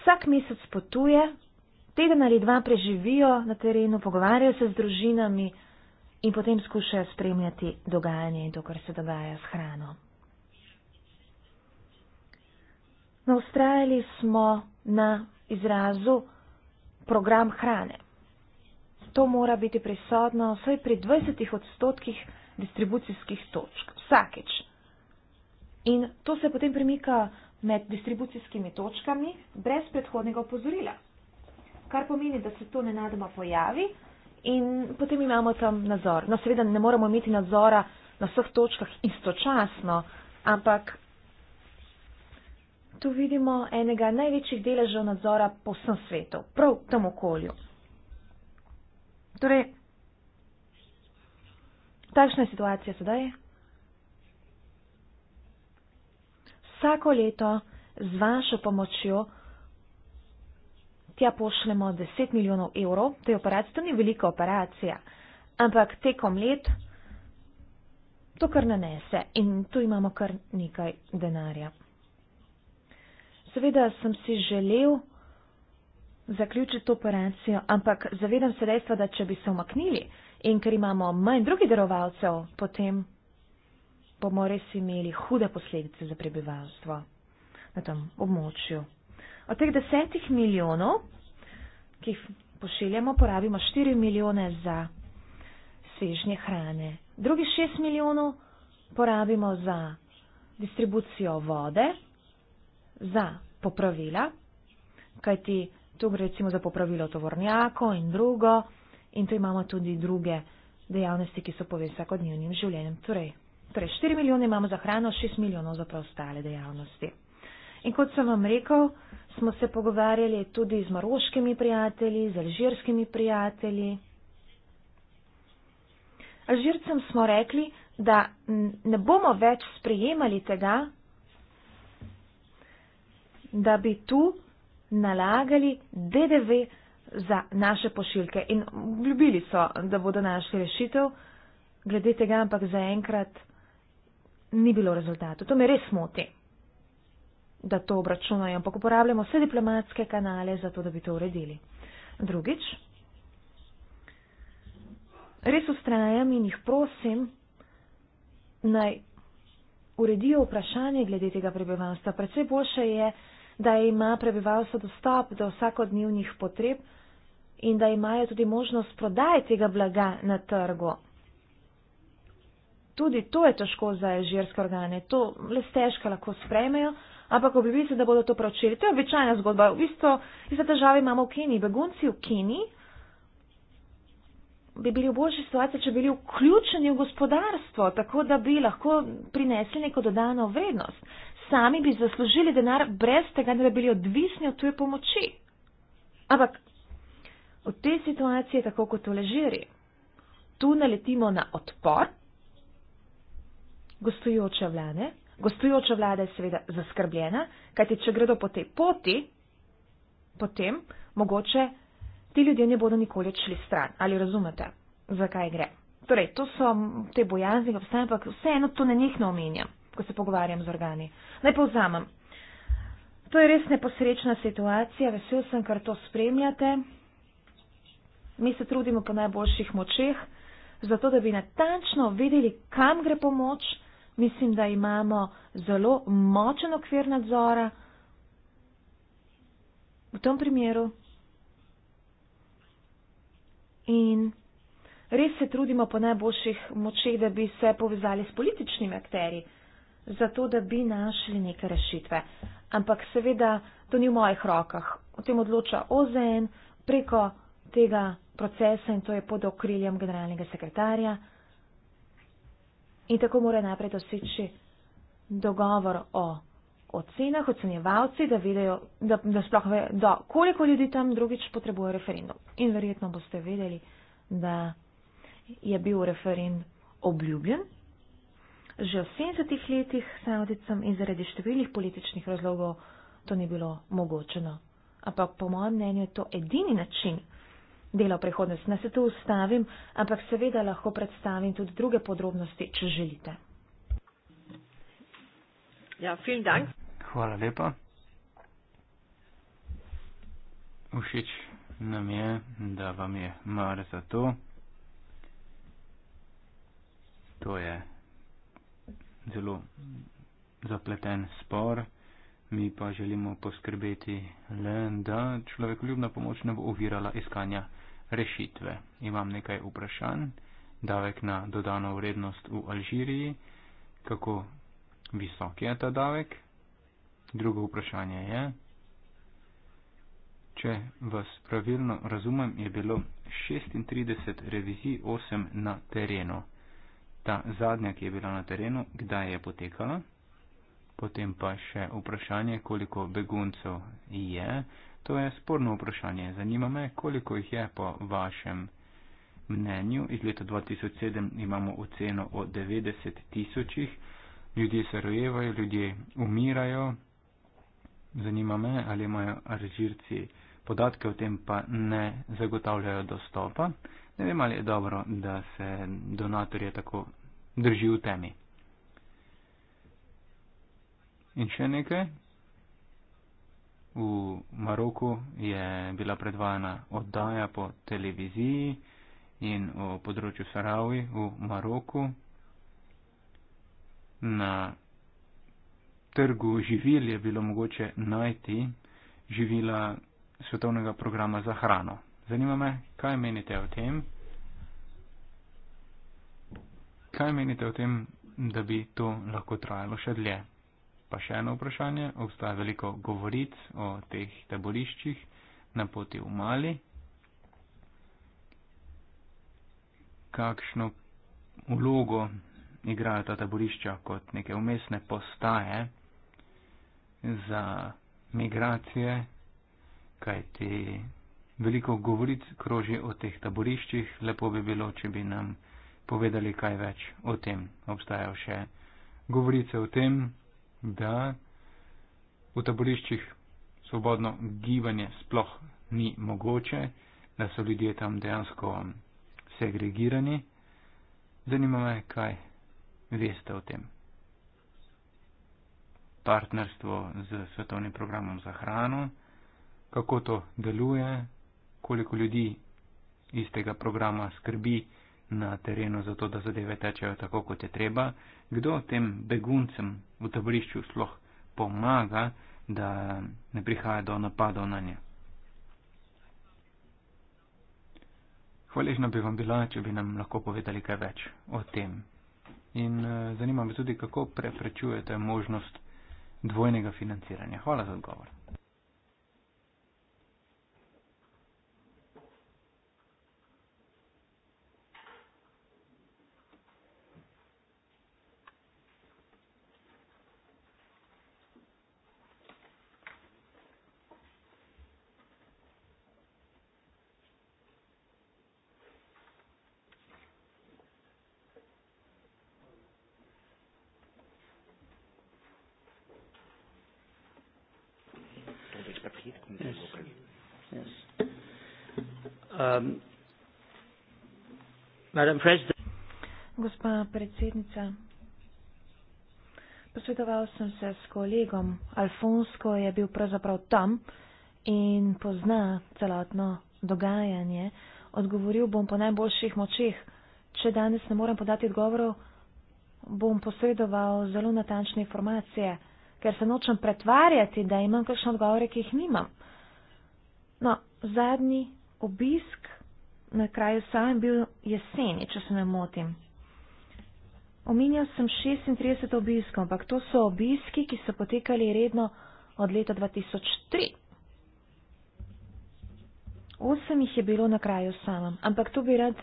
vsak mesec potuje, teden ali dva preživijo na terenu, pogovarjajo se z družinami in potem skušajo spremljati dogajanje in to, kar se dogaja s hrano. Na Avstraliji smo na izrazu program hrane. To mora biti prisotno vsaj pri 20 odstotkih distribucijskih točk vsakeč. In to se potem premika med distribucijskimi točkami brez predhodnega opozorila, kar pomeni, da se to nenadoma pojavi in potem imamo tam nadzor. No, seveda ne moremo imeti nadzora na vseh točkah istočasno, ampak tu vidimo enega največjih deležev nadzora po vsem svetu, prav v tem okolju. Torej, takšna je situacija sedaj. Vsako leto z vašo pomočjo tja pošljemo 10 milijonov evrov, to je operacija, to ni velika operacija, ampak tekom let to kar nanese in tu imamo kar nekaj denarja. Seveda sem si želel zaključiti to operacijo, ampak zavedam se dejstva, da če bi se omaknili in ker imamo manj drugih darovalcev, potem bomo res imeli hude posledice za prebivalstvo na tem območju. Od teh desetih milijonov, ki jih pošiljamo, porabimo 4 milijone za svežnje hrane. Drugi 6 milijonov porabimo za distribucijo vode, za popravila, kajti tu gre recimo za popravilo tovornjako in drugo in tu imamo tudi druge dejavnosti, ki so povezane s vsakodnevnim življenjem. Torej, torej 4 milijone imamo za hrano, 6 milijonov za preostale dejavnosti. In kot sem vam rekel, smo se pogovarjali tudi z maroškimi prijatelji, z alžirskimi prijatelji. Alžircem smo rekli, da ne bomo več sprejemali tega, da bi tu nalagali DDV za naše pošiljke. In obljubili so, da bodo našli rešitev, glede tega, ampak zaenkrat ni bilo rezultatov. To me res moti, da to obračunajo, ampak uporabljamo vse diplomatske kanale za to, da bi to uredili. Drugič, res ustrajam in jih prosim, naj uredijo vprašanje glede tega prebivalstva. Predvsej boljše je, da ima prebivalstvo dostop do vsakodnevnih potreb in da imajo tudi možnost prodaje tega blaga na trgu. Tudi to je težko za alžirske organe, to le stežka lahko sprejmejo, ampak obljubili se, da bodo to pravčili. To je običajna zgodba. V bistvu, iste težave imamo v Keniji. Begunci v Keniji bi bili v boljši situaciji, če bi bili vključeni v gospodarstvo, tako da bi lahko prinesli neko dodano vrednost sami bi zaslužili denar brez tega, da bi bili odvisni od tuje pomoči. Ampak v tej situaciji je tako kot v ležiri. Tu naletimo na odpor gostujoče vlade. Gostujoča vlada je seveda zaskrbljena, kajti če gredo po tej poti, potem mogoče ti ljudje ne bodo nikoli odšli stran. Ali razumete, zakaj gre? Torej, to so te bojazni, ampak vseeno to na njih ne omenjam ko se pogovarjam z organi. Naj povzamem. To je res neposrečna situacija, vesel sem, ker to spremljate. Mi se trudimo po najboljših močeh, zato da bi natančno videli, kam gre pomoč. Mislim, da imamo zelo močen okvir nadzora. V tem primeru. In res se trudimo po najboljših močeh, da bi se povezali s političnimi akteri zato da bi našli neke rešitve. Ampak seveda to ni v mojih rokah. O tem odloča OZN preko tega procesa in to je pod okriljem generalnega sekretarja. In tako mora najprej doseči dogovor o ocenah, ocenjevalci, da vedejo, da, da sploh ve, do koliko ljudi tam drugič potrebuje referendum. In verjetno boste vedeli, da je bil referendum obljubljen, že v 70-ih letih Saudicam in zaradi številnih političnih razlogov to ni bilo mogočeno. Ampak po mojem mnenju je to edini način dela v prihodnosti. Na se tu ustavim, ampak seveda lahko predstavim tudi druge podrobnosti, če želite. Ja, dank. Hvala lepa. Všeč nam je, da vam je mar za to. To je zelo zapleten spor, mi pa želimo poskrbeti le, da človekoljubna pomoč ne bo ovirala iskanja rešitve. Imam nekaj vprašanj. Davek na dodano vrednost v Alžiriji. Kako visok je ta davek? Drugo vprašanje je, če vas pravilno razumem, je bilo 36 revizij 8 na terenu ta zadnja, ki je bila na terenu, kdaj je potekala, potem pa še vprašanje, koliko beguncev je. To je sporno vprašanje. Zanima me, koliko jih je po vašem mnenju. Iz leta 2007 imamo oceno o 90 tisočih. Ljudje se rojevajo, ljudje umirajo. Zanima me, ali imajo aržirci podatke o tem, pa ne zagotavljajo dostopa. Ne vem, ali je dobro, da se donatorje tako drži v temi. In še nekaj. V Maroku je bila predvajana oddaja po televiziji in o področju Sarawi v Maroku na trgu živil je bilo mogoče najti živila svetovnega programa za hrano. Zanima me, kaj menite o tem? Kaj menite o tem, da bi to lahko trajalo še dlje? Pa še eno vprašanje, obstaja veliko govoric o teh taboriščih na poti v Mali. Kakšno vlogo igrajo ta taborišča kot neke umestne postaje za migracije, kaj ti Veliko govoric kroži o teh taboriščih, lepo bi bilo, če bi nam povedali kaj več o tem. Obstajajo še govorice o tem, da v taboriščih svobodno gibanje sploh ni mogoče, da so ljudje tam dejansko segregirani. Zanima me, kaj veste o tem. Partnerstvo z svetovnim programom za hrano, kako to deluje, koliko ljudi iz tega programa skrbi na terenu za to, da zadeve tečejo tako, kot je treba, kdo tem beguncem v taborišču sploh pomaga, da ne prihaja do napadov na nje. Hvaležna bi vam bila, če bi nam lahko povedali kaj več o tem. In eh, zanima me tudi, kako preprečujete možnost dvojnega financiranja. Hvala za odgovor. Um, Gospa predsednica, posvetoval sem se s kolegom Alfonsko, je bil pravzaprav tam in pozna celotno dogajanje. Odgovoril bom po najboljših močeh. Če danes ne morem podati odgovorov, bom posredoval zelo natančne informacije, ker se nočem pretvarjati, da imam kakšne odgovore, ki jih nimam. No, zadnji obisk na kraju sam bil jeseni, če se ne motim. Omenjal sem 36 obiskov, ampak to so obiski, ki so potekali redno od leta 2003. Osem jih je bilo na kraju samem, ampak to bi rad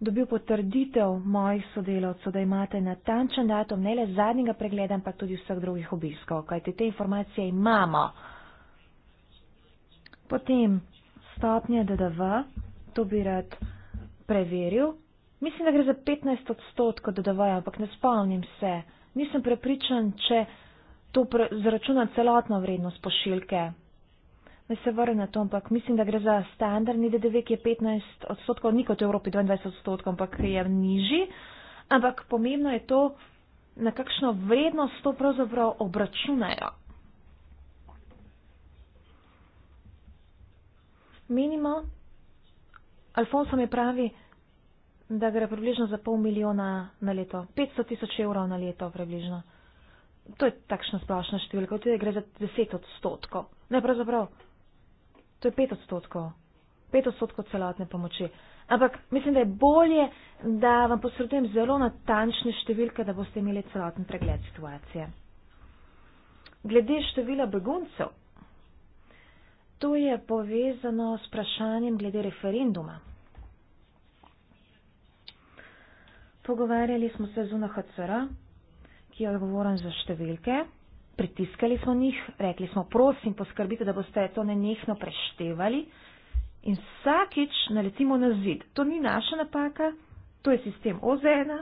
dobil potrditev mojih sodelovcev, da imate natančen datum ne le zadnjega pregleda, ampak tudi vseh drugih obiskov, kajte te informacije imamo. Potem stopnje DDV, to bi rad preveril. Mislim, da gre za 15 odstotkov DDV, ampak ne spomnim se. Nisem prepričan, če to zračuna celotno vrednost pošiljke. Ne se vrnem na to, ampak mislim, da gre za standardni DDV, ki je 15 odstotkov, ni kot v Evropi 22 odstotkov, ampak je nižji. Ampak pomembno je to, na kakšno vrednost to pravzaprav obračunajo. Menimo, Alfonso mi pravi, da gre približno za pol milijona na leto, 500 tisoč evrov na leto približno. To je takšna splošna številka, tudi gre za 10 odstotkov. Ne, pravzaprav, to je 5 odstotkov. 5 odstotkov celotne pomoči. Ampak mislim, da je bolje, da vam posredujem zelo natančne številke, da boste imeli celoten pregled situacije. Glede števila beguncev, To je povezano s vprašanjem glede referenduma. Pogovarjali smo se z UNHCR, ki je odgovoren za številke, pritiskali smo njih, rekli smo, prosim, poskrbite, da boste to nenehno preštevali in vsakič naletimo na zid. To ni naša napaka, to je sistem OZN,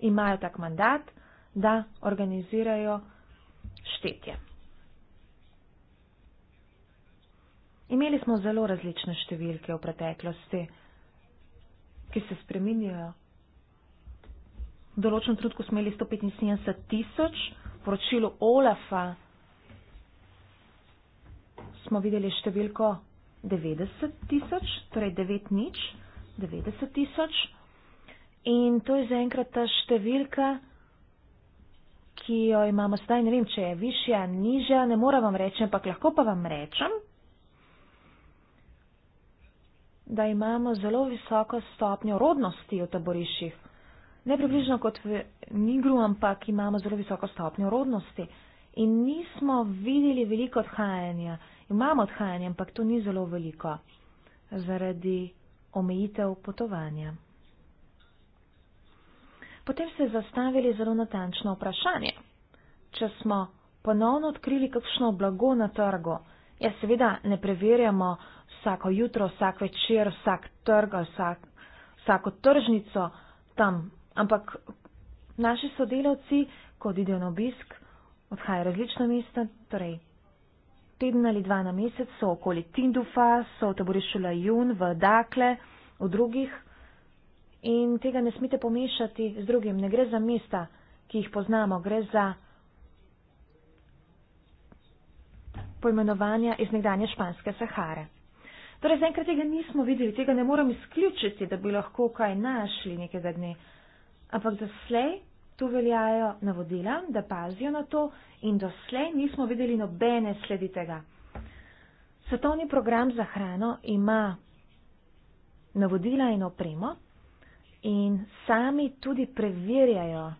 imajo tak mandat, da organizirajo štetje. Imeli smo zelo različne številke v preteklosti, ki se spreminjajo. V določenem trenutku smo imeli 175 tisoč, poročilo Olafa smo videli številko 90 tisoč, torej 9 nič, 90 tisoč. In to je zaenkrat ta številka, ki jo imamo zdaj, ne vem, če je višja, nižja, ne moram vam reči, ampak lahko pa vam rečem, da imamo zelo visoko stopnjo rodnosti v taboriših. Ne približno kot v Nigru, ampak imamo zelo visoko stopnjo rodnosti. In nismo videli veliko odhajanja. Imamo odhajanje, ampak to ni zelo veliko zaradi omejitev potovanja. Potem ste zastavili zelo natančno vprašanje. Če smo ponovno odkrili kakšno blago na trgu, Ja, seveda ne preverjamo vsako jutro, vsak večer, vsak trg ali vsak, vsako tržnico tam, ampak naši sodelavci, ko odidejo na obisk, odhajajo različna mesta, torej teden ali dva na mesec so okoli Tindufa, so v taborišču Lajun, v Dakle, v drugih. In tega ne smete pomešati z drugim. Ne gre za mesta, ki jih poznamo, gre za pojmenovanja iz nekdanje španske Sahare. Torej, zaenkrat tega nismo videli, tega ne moram izključiti, da bi lahko kaj našli nekega dne. Ampak doslej tu veljajo navodila, da pazijo na to in doslej nismo videli nobene sledi tega. Svetovni program za hrano ima navodila in opremo in sami tudi preverjajo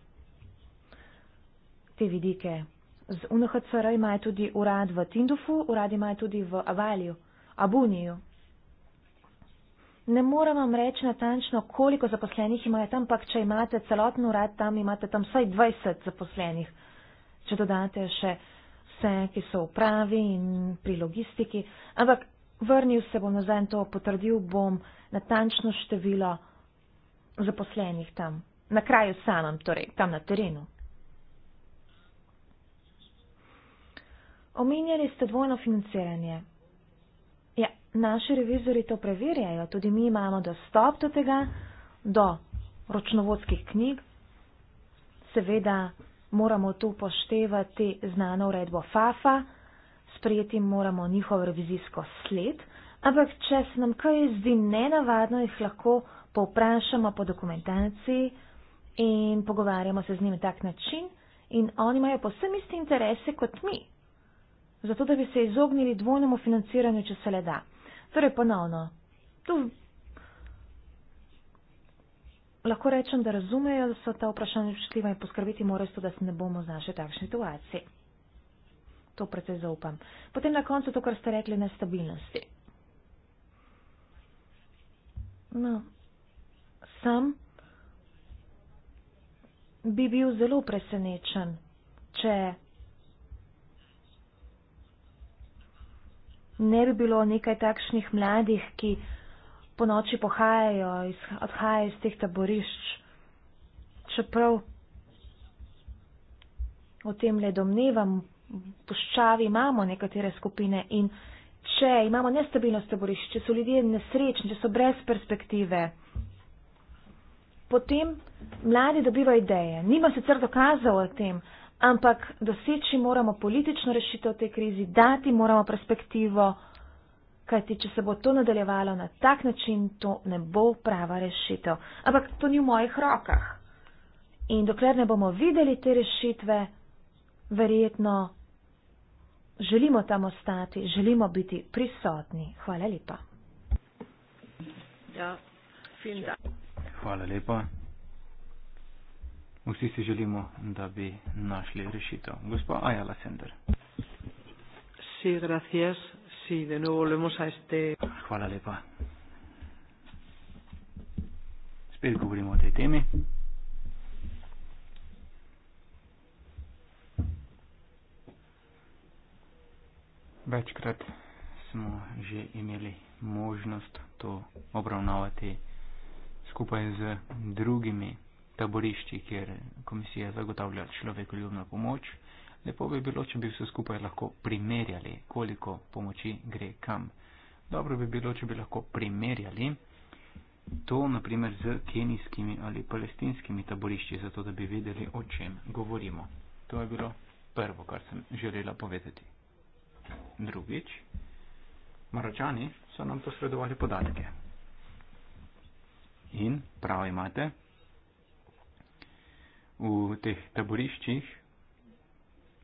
te vidike Z UNHCR imajo tudi urad v Tindufu, urad imajo tudi v Avaliju, Abuniju. Ne moram vam reči natančno, koliko zaposlenih imajo tam, ampak če imate celoten urad tam, imate tam vsaj 20 zaposlenih. Če dodate še vse, ki so v pravi in pri logistiki. Ampak vrnil se bom nazaj in to potrdil bom natančno število zaposlenih tam. Na kraju samem, torej tam na terenu. Omenjali ste dvojno financiranje. Ja, naši revizori to preverjajo, tudi mi imamo dostop do tega, do ročnovodskih knjig. Seveda moramo tu poštevati znano uredbo FAFA, sprejeti moramo njihov revizijsko sled, ampak če se nam kaj zdi nenavadno, jih lahko povprašamo po dokumentaciji in pogovarjamo se z njimi tak način in oni imajo posebne iste interese kot mi zato da bi se izognili dvojnemu financiranju, če se le da. Torej, ponovno, tu lahko rečem, da razumejo, da so ta vprašanja občutljiva in poskrbeti morajo to, da se ne bomo znašli v takšni situaciji. To precej zaupam. Potem na koncu to, kar ste rekli, nestabilnosti. No, sam bi bil zelo presenečen, če ne bi bilo nekaj takšnih mladih, ki po noči pohajajo, odhajajo iz teh taborišč. Čeprav o tem le domnevam, poščavi imamo nekatere skupine in če imamo nestabilnost taborišč, če so ljudje nesrečni, če so brez perspektive, potem mladi dobivajo ideje. Nima sicer dokazov o tem, ampak doseči moramo politično rešitev te krizi, dati moramo perspektivo, kajti če se bo to nadaljevalo na tak način, to ne bo prava rešitev. Ampak to ni v mojih rokah. In dokler ne bomo videli te rešitve, verjetno želimo tam ostati, želimo biti prisotni. Hvala lepa. Ja, Hvala lepa vsi si želimo, da bi našli rešitev. Gospa Ajala Sender. Sí, gracias. Sí, de nuevo volvemos a este. Hvala lepa. Spet govorimo o tej temi. Večkrat smo že imeli možnost to obravnavati skupaj z drugimi taborišči, kjer komisija zagotavlja človekoljubno pomoč, lepo bi bilo, če bi vse skupaj lahko primerjali, koliko pomoči gre kam. Dobro bi bilo, če bi lahko primerjali to naprimer z kenijskimi ali palestinskimi taborišči, zato da bi vedeli, o čem govorimo. To je bilo prvo, kar sem želela povedati. Drugič, maročani so nam posredovali podatke. In prav imate, v teh taboriščih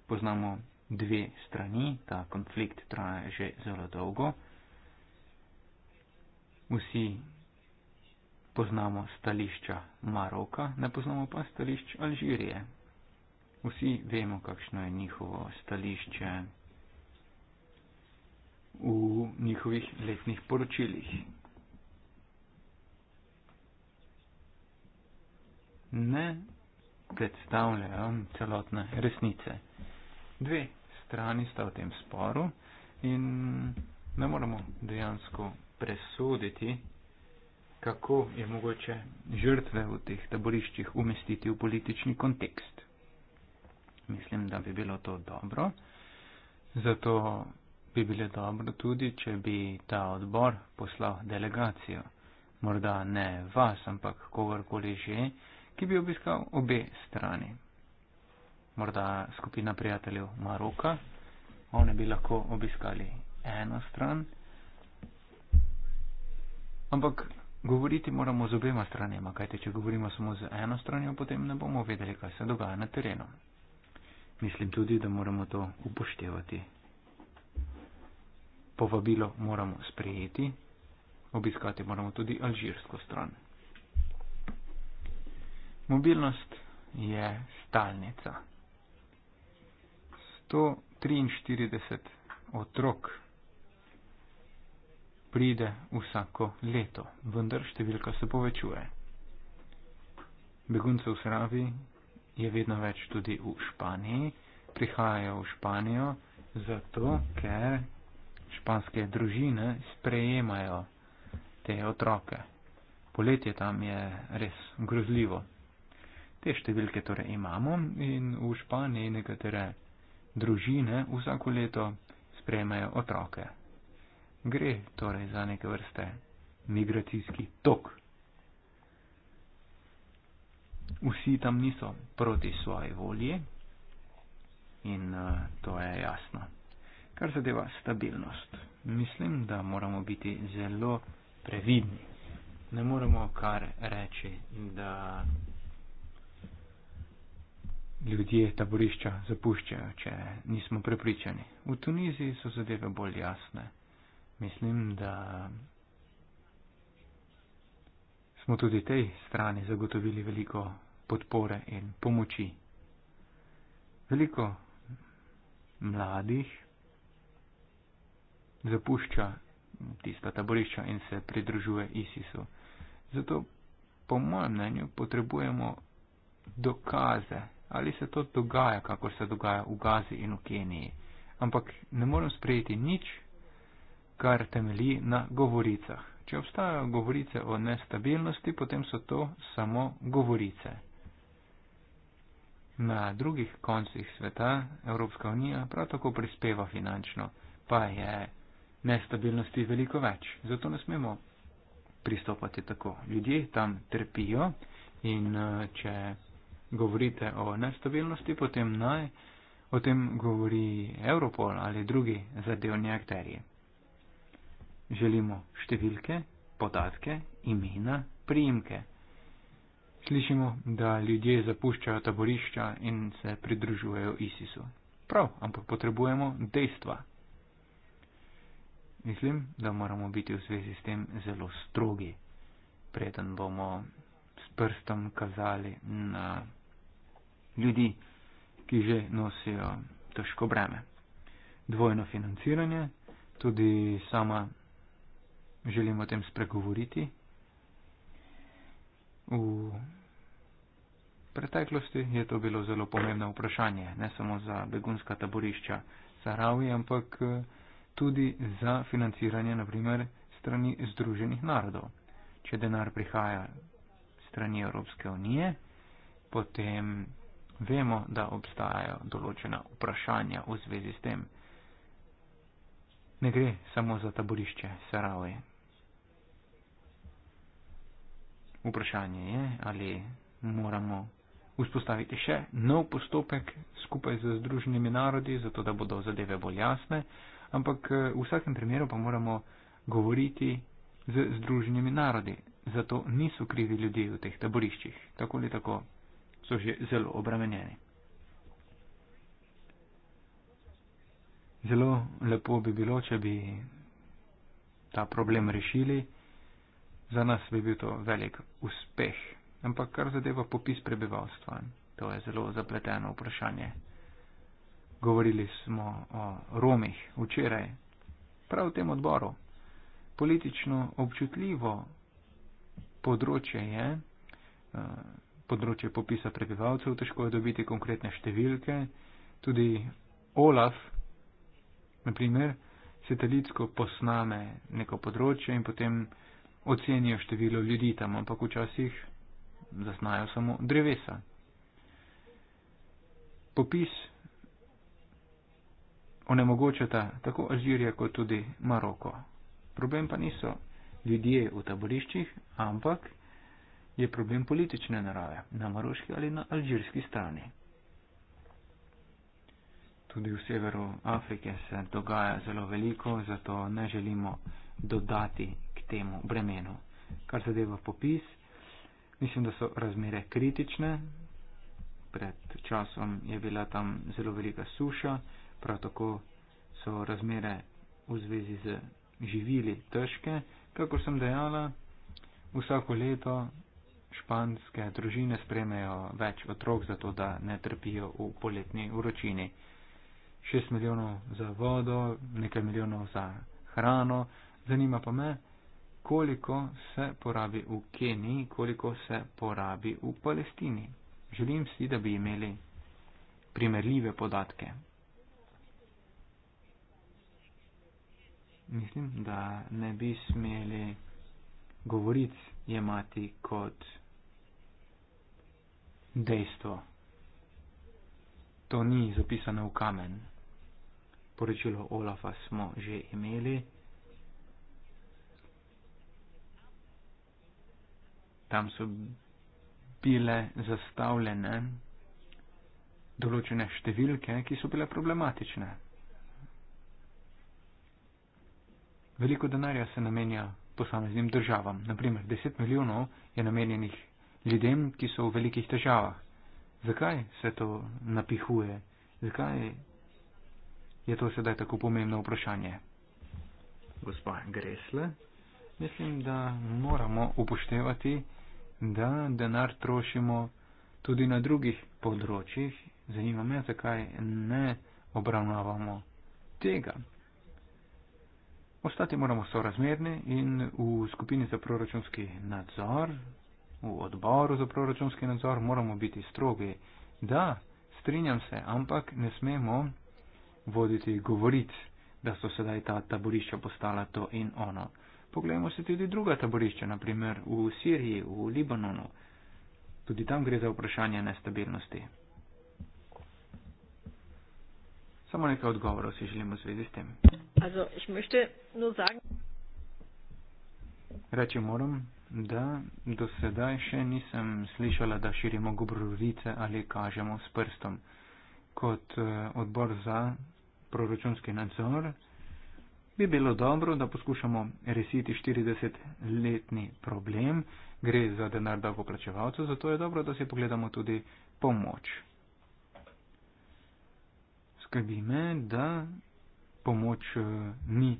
poznamo dve strani, ta konflikt traja že zelo dolgo. Vsi poznamo stališča Maroka, ne poznamo pa stališč Alžirije. Vsi vemo, kakšno je njihovo stališče v njihovih letnih poročilih. Ne predstavljajo celotne resnice. Dve strani sta v tem sporu in ne moramo dejansko presuditi, kako je mogoče žrtve v teh taboriščih umestiti v politični kontekst. Mislim, da bi bilo to dobro. Zato bi bilo dobro tudi, če bi ta odbor poslal delegacijo. Morda ne vas, ampak kogarkoli že ki bi obiskal obe strani. Morda skupina prijateljev Maroka, oni bi lahko obiskali eno stran, ampak govoriti moramo z obema stranima, kajte če govorimo samo z eno stranjo, potem ne bomo vedeli, kaj se dogaja na terenu. Mislim tudi, da moramo to upoštevati. Povabilo moramo sprejeti, obiskati moramo tudi alžirsko stran. Mobilnost je stalnica. 143 otrok pride vsako leto, vendar številka se povečuje. Beguncev v Sravi je vedno več tudi v Španiji. Prihajajo v Španijo zato, ker španske družine sprejemajo te otroke. Poletje tam je res grozljivo. Te številke torej imamo in v Španiji nekatere družine vsako leto sprejmejo otroke. Gre torej za neke vrste migracijski tok. Vsi tam niso proti svoji volji in uh, to je jasno. Kar zadeva stabilnost, mislim, da moramo biti zelo previdni. Ne moremo kar reči, da ljudje taborišča zapuščajo, če nismo prepričani. V Tuniziji so zadeve bolj jasne. Mislim, da smo tudi tej strani zagotovili veliko podpore in pomoči. Veliko mladih zapušča tista taborišča in se pridružuje ISIS-u. Zato, po mojem mnenju, potrebujemo dokaze, ali se to dogaja, kakor se dogaja v Gazi in v Keniji. Ampak ne morem sprejeti nič, kar temelji na govoricah. Če obstajajo govorice o nestabilnosti, potem so to samo govorice. Na drugih koncih sveta Evropska unija prav tako prispeva finančno, pa je nestabilnosti veliko več. Zato ne smemo pristopati tako. Ljudje tam trpijo in eh, če govorite o nestabilnosti, potem naj o tem govori Europol ali drugi zadevni akterji. Želimo številke, podatke, imena, priimke. Slišimo, da ljudje zapuščajo taborišča in se pridružujejo ISIS-u. Prav, ampak potrebujemo dejstva. Mislim, da moramo biti v zvezi s tem zelo strogi, preden bomo s prstom kazali na ljudi, ki že nosijo težko breme. Dvojno financiranje, tudi sama želim o tem spregovoriti. V preteklosti je to bilo zelo pomembno vprašanje, ne samo za begunska taborišča Sarawi, ampak eh, tudi za financiranje, naprimer, strani Združenih narodov. Če denar prihaja strani Evropske unije, potem Vemo, da obstajajo določena vprašanja v zvezi s tem. Ne gre samo za taborišče Sarave. Vprašanje je, ali moramo vzpostaviti še nov postopek skupaj z Združenimi narodi, zato da bodo zadeve bolj jasne, ampak eh, v vsakem primeru pa moramo govoriti z Združenimi narodi. Zato niso krivi ljudje v teh taboriščih, tako ali tako so že zelo obremenjeni. Zelo lepo bi bilo, če bi ta problem rešili. Za nas bi bil to velik uspeh. Ampak kar zadeva popis prebivalstva, to je zelo zapleteno vprašanje. Govorili smo o Romih včeraj, prav v tem odboru. Politično občutljivo področje je, eh, področje popisa prebivalcev, težko je dobiti konkretne številke. Tudi OLAF, naprimer, satelitsko posname neko področje in potem ocenijo število ljudi tam, ampak včasih zasnajo samo drevesa. Popis onemogočata tako Alžirija kot tudi Maroko. Problem pa niso ljudje v taboriščih, ampak je problem politične narave na maroški ali na alžirski strani. Tudi v severu Afrike se dogaja zelo veliko, zato ne želimo dodati k temu bremenu. Kar zadeva popis, mislim, da so razmere kritične. Pred časom je bila tam zelo velika suša, prav tako so razmere v zvezi z živili težke. Kako sem dejala, vsako leto španske družine spremejo več otrok, zato da ne trpijo v poletni vročini. 6 milijonov za vodo, nekaj milijonov za hrano. Zanima pa me, koliko se porabi v Keniji, koliko se porabi v Palestini. Želim si, da bi imeli primerljive podatke. Mislim, da ne bi smeli govoriti jemati kot dejstvo. To ni zapisano v kamen. Poročilo Olafa smo že imeli. Tam so bile zastavljene določene številke, ki so bile problematične. Veliko denarja se namenja posameznim državam. Naprimer, 10 milijonov je namenjenih ljudem, ki so v velikih težavah. Zakaj se to napihuje? Zakaj je to sedaj tako pomembno vprašanje? Gospa Gresle, mislim, da moramo upoštevati, da denar trošimo tudi na drugih področjih. Zanima me, zakaj ne obravnavamo tega. Ostati moramo sorazmerni in v skupini za proračunski nadzor v odboru za proračunski nadzor moramo biti strogi. Da, strinjam se, ampak ne smemo voditi govorit, da so sedaj ta taborišča postala to in ono. Poglejmo se tudi druga taborišča, naprimer v Siriji, v Libanonu. Tudi tam gre za vprašanje nestabilnosti. Samo nekaj odgovorov si želimo v zvezi s tem. Also, ich möchte nur sagen. Reči moram da do sedaj še nisem slišala, da širimo govorice ali kažemo s prstom. Kot eh, odbor za proračunski nadzor bi bilo dobro, da poskušamo resiti 40-letni problem, gre za denar davkoplačevalcev, zato je dobro, da si pogledamo tudi pomoč. Skrbi me, da pomoč eh, ni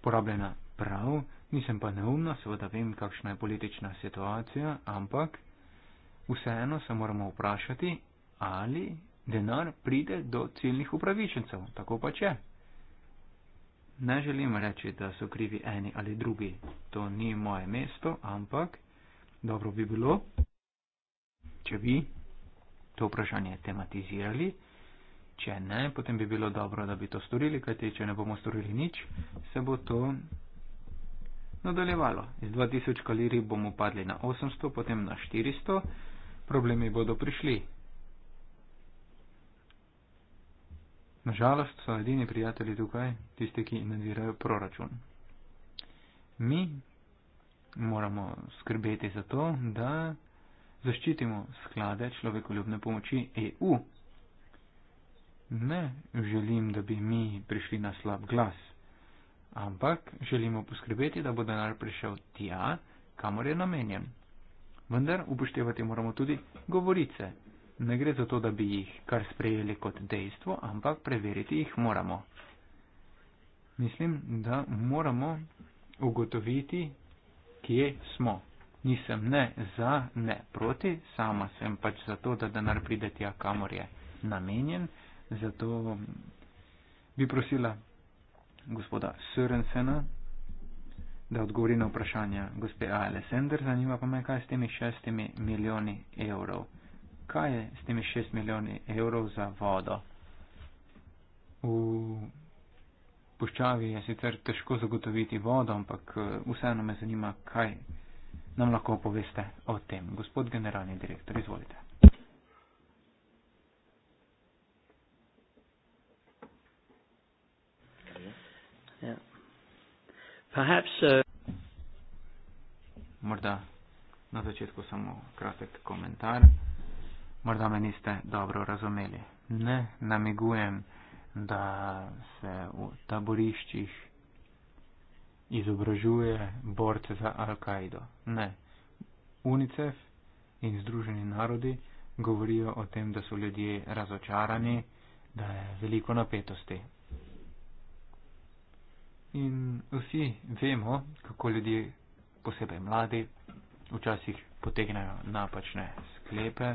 porabljena prav. Nisem pa neumna, seveda vem, kakšna je politična situacija, ampak vseeno se moramo vprašati, ali denar pride do ciljnih upravičencev. Tako pa če. Ne želim reči, da so krivi eni ali drugi. To ni moje mesto, ampak dobro bi bilo, če bi to vprašanje tematizirali. Če ne, potem bi bilo dobro, da bi to storili, kajte če ne bomo storili nič, se bo to nadaljevalo. Z 2000 kalirij bomo padli na 800, potem na 400, problemi bodo prišli. Nažalost so edini prijatelji tukaj tisti, ki nadzirajo proračun. Mi moramo skrbeti za to, da zaščitimo sklade človekoljubne pomoči EU. Ne želim, da bi mi prišli na slab glas ampak želimo poskrbeti, da bo denar prišel tja, kamor je namenjen. Vendar upoštevati moramo tudi govorice. Ne gre za to, da bi jih kar sprejeli kot dejstvo, ampak preveriti jih moramo. Mislim, da moramo ugotoviti, kje smo. Nisem ne za, ne proti, sama sem pač za to, da denar pride tja, kamor je namenjen. Zato bi prosila gospoda Sørensena, da odgovori na vprašanja gospe Ale Sender. Zanima pa me, kaj je s temi šestimi milijoni evrov. Kaj je s temi šest milijoni evrov za vodo? V puščavi je sicer težko zagotoviti vodo, ampak eh, vseeno me zanima, kaj nam lahko poveste o tem. Gospod generalni direktor, izvolite. Yeah. Ja. Uh, Morda na začetku samo kratek komentar. Morda me niste dobro razumeli. Ne namigujem, da se v taboriščih izobražuje borce za Al-Kaido. Ne. UNICEF in Združeni narodi govorijo o tem, da so ljudje razočarani, da je veliko napetosti. In vsi vemo, kako ljudje, posebej mladi, včasih potegnajo napačne sklepe,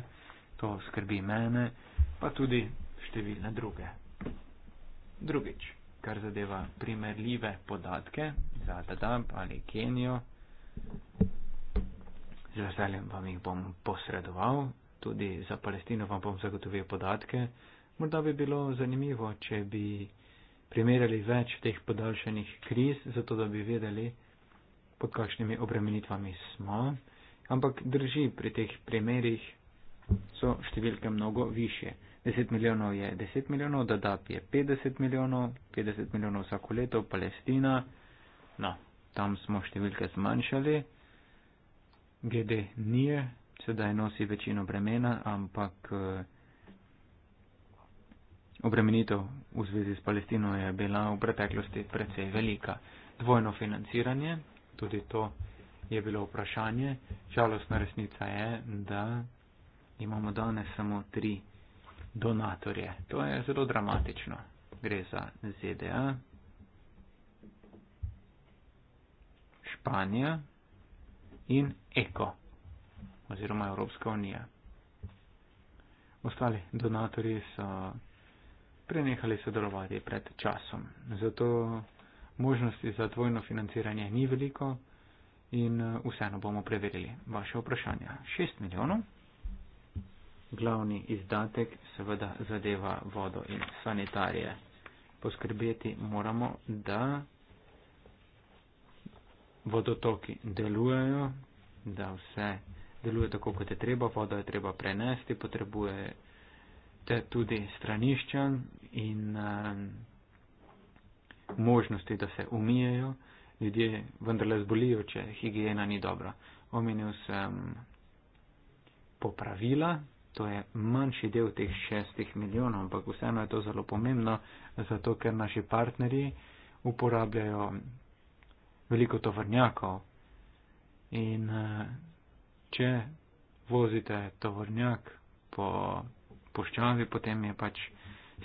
to skrbi mene, pa tudi številne druge. Drugič, kar zadeva primerljive podatke za Dadab ali Kenijo, z veseljem vam jih bom posredoval, tudi za Palestino vam bom zagotovil podatke, morda bi bilo zanimivo, če bi primerjali več teh podaljšanih kriz, zato da bi vedeli, pod kakšnimi obremenitvami smo. Ampak drži, pri teh primerjih so številke mnogo više. 10 milijonov je 10 milijonov, Dadab je 50 milijonov, 50 milijonov vsako leto, Palestina. No, tam smo številke zmanjšali. GD nije, sedaj nosi večino bremena, ampak. Uh, Obremenitev v zvezi s Palestino je bila v preteklosti precej velika. Dvojno financiranje, tudi to je bilo vprašanje. Žalostna resnica je, da imamo danes samo tri donatorje. To je zelo dramatično. Gre za ZDA, Španija in EKO oziroma Evropska unija. Ostali donatorji so prenehali sodelovati pred časom. Zato možnosti za dvojno financiranje ni veliko in eh, vseeno bomo preverili vaše vprašanja. 6 milijonov. Glavni izdatek seveda zadeva vodo in sanitarije. Poskrbeti moramo, da vodotoki delujejo, da vse deluje tako, kot je treba, vodo je treba prenesti, potrebuje te tudi stranišča in um, možnosti, da se umijejo. Ljudje vendarle zbolijo, če higiena ni dobra. Omenil sem popravila, to je manjši del teh šestih milijonov, ampak vseeno je to zelo pomembno, zato ker naši partnerji uporabljajo veliko tovrnjakov. In uh, če vozite tovrnjak po puščavi, potem je pač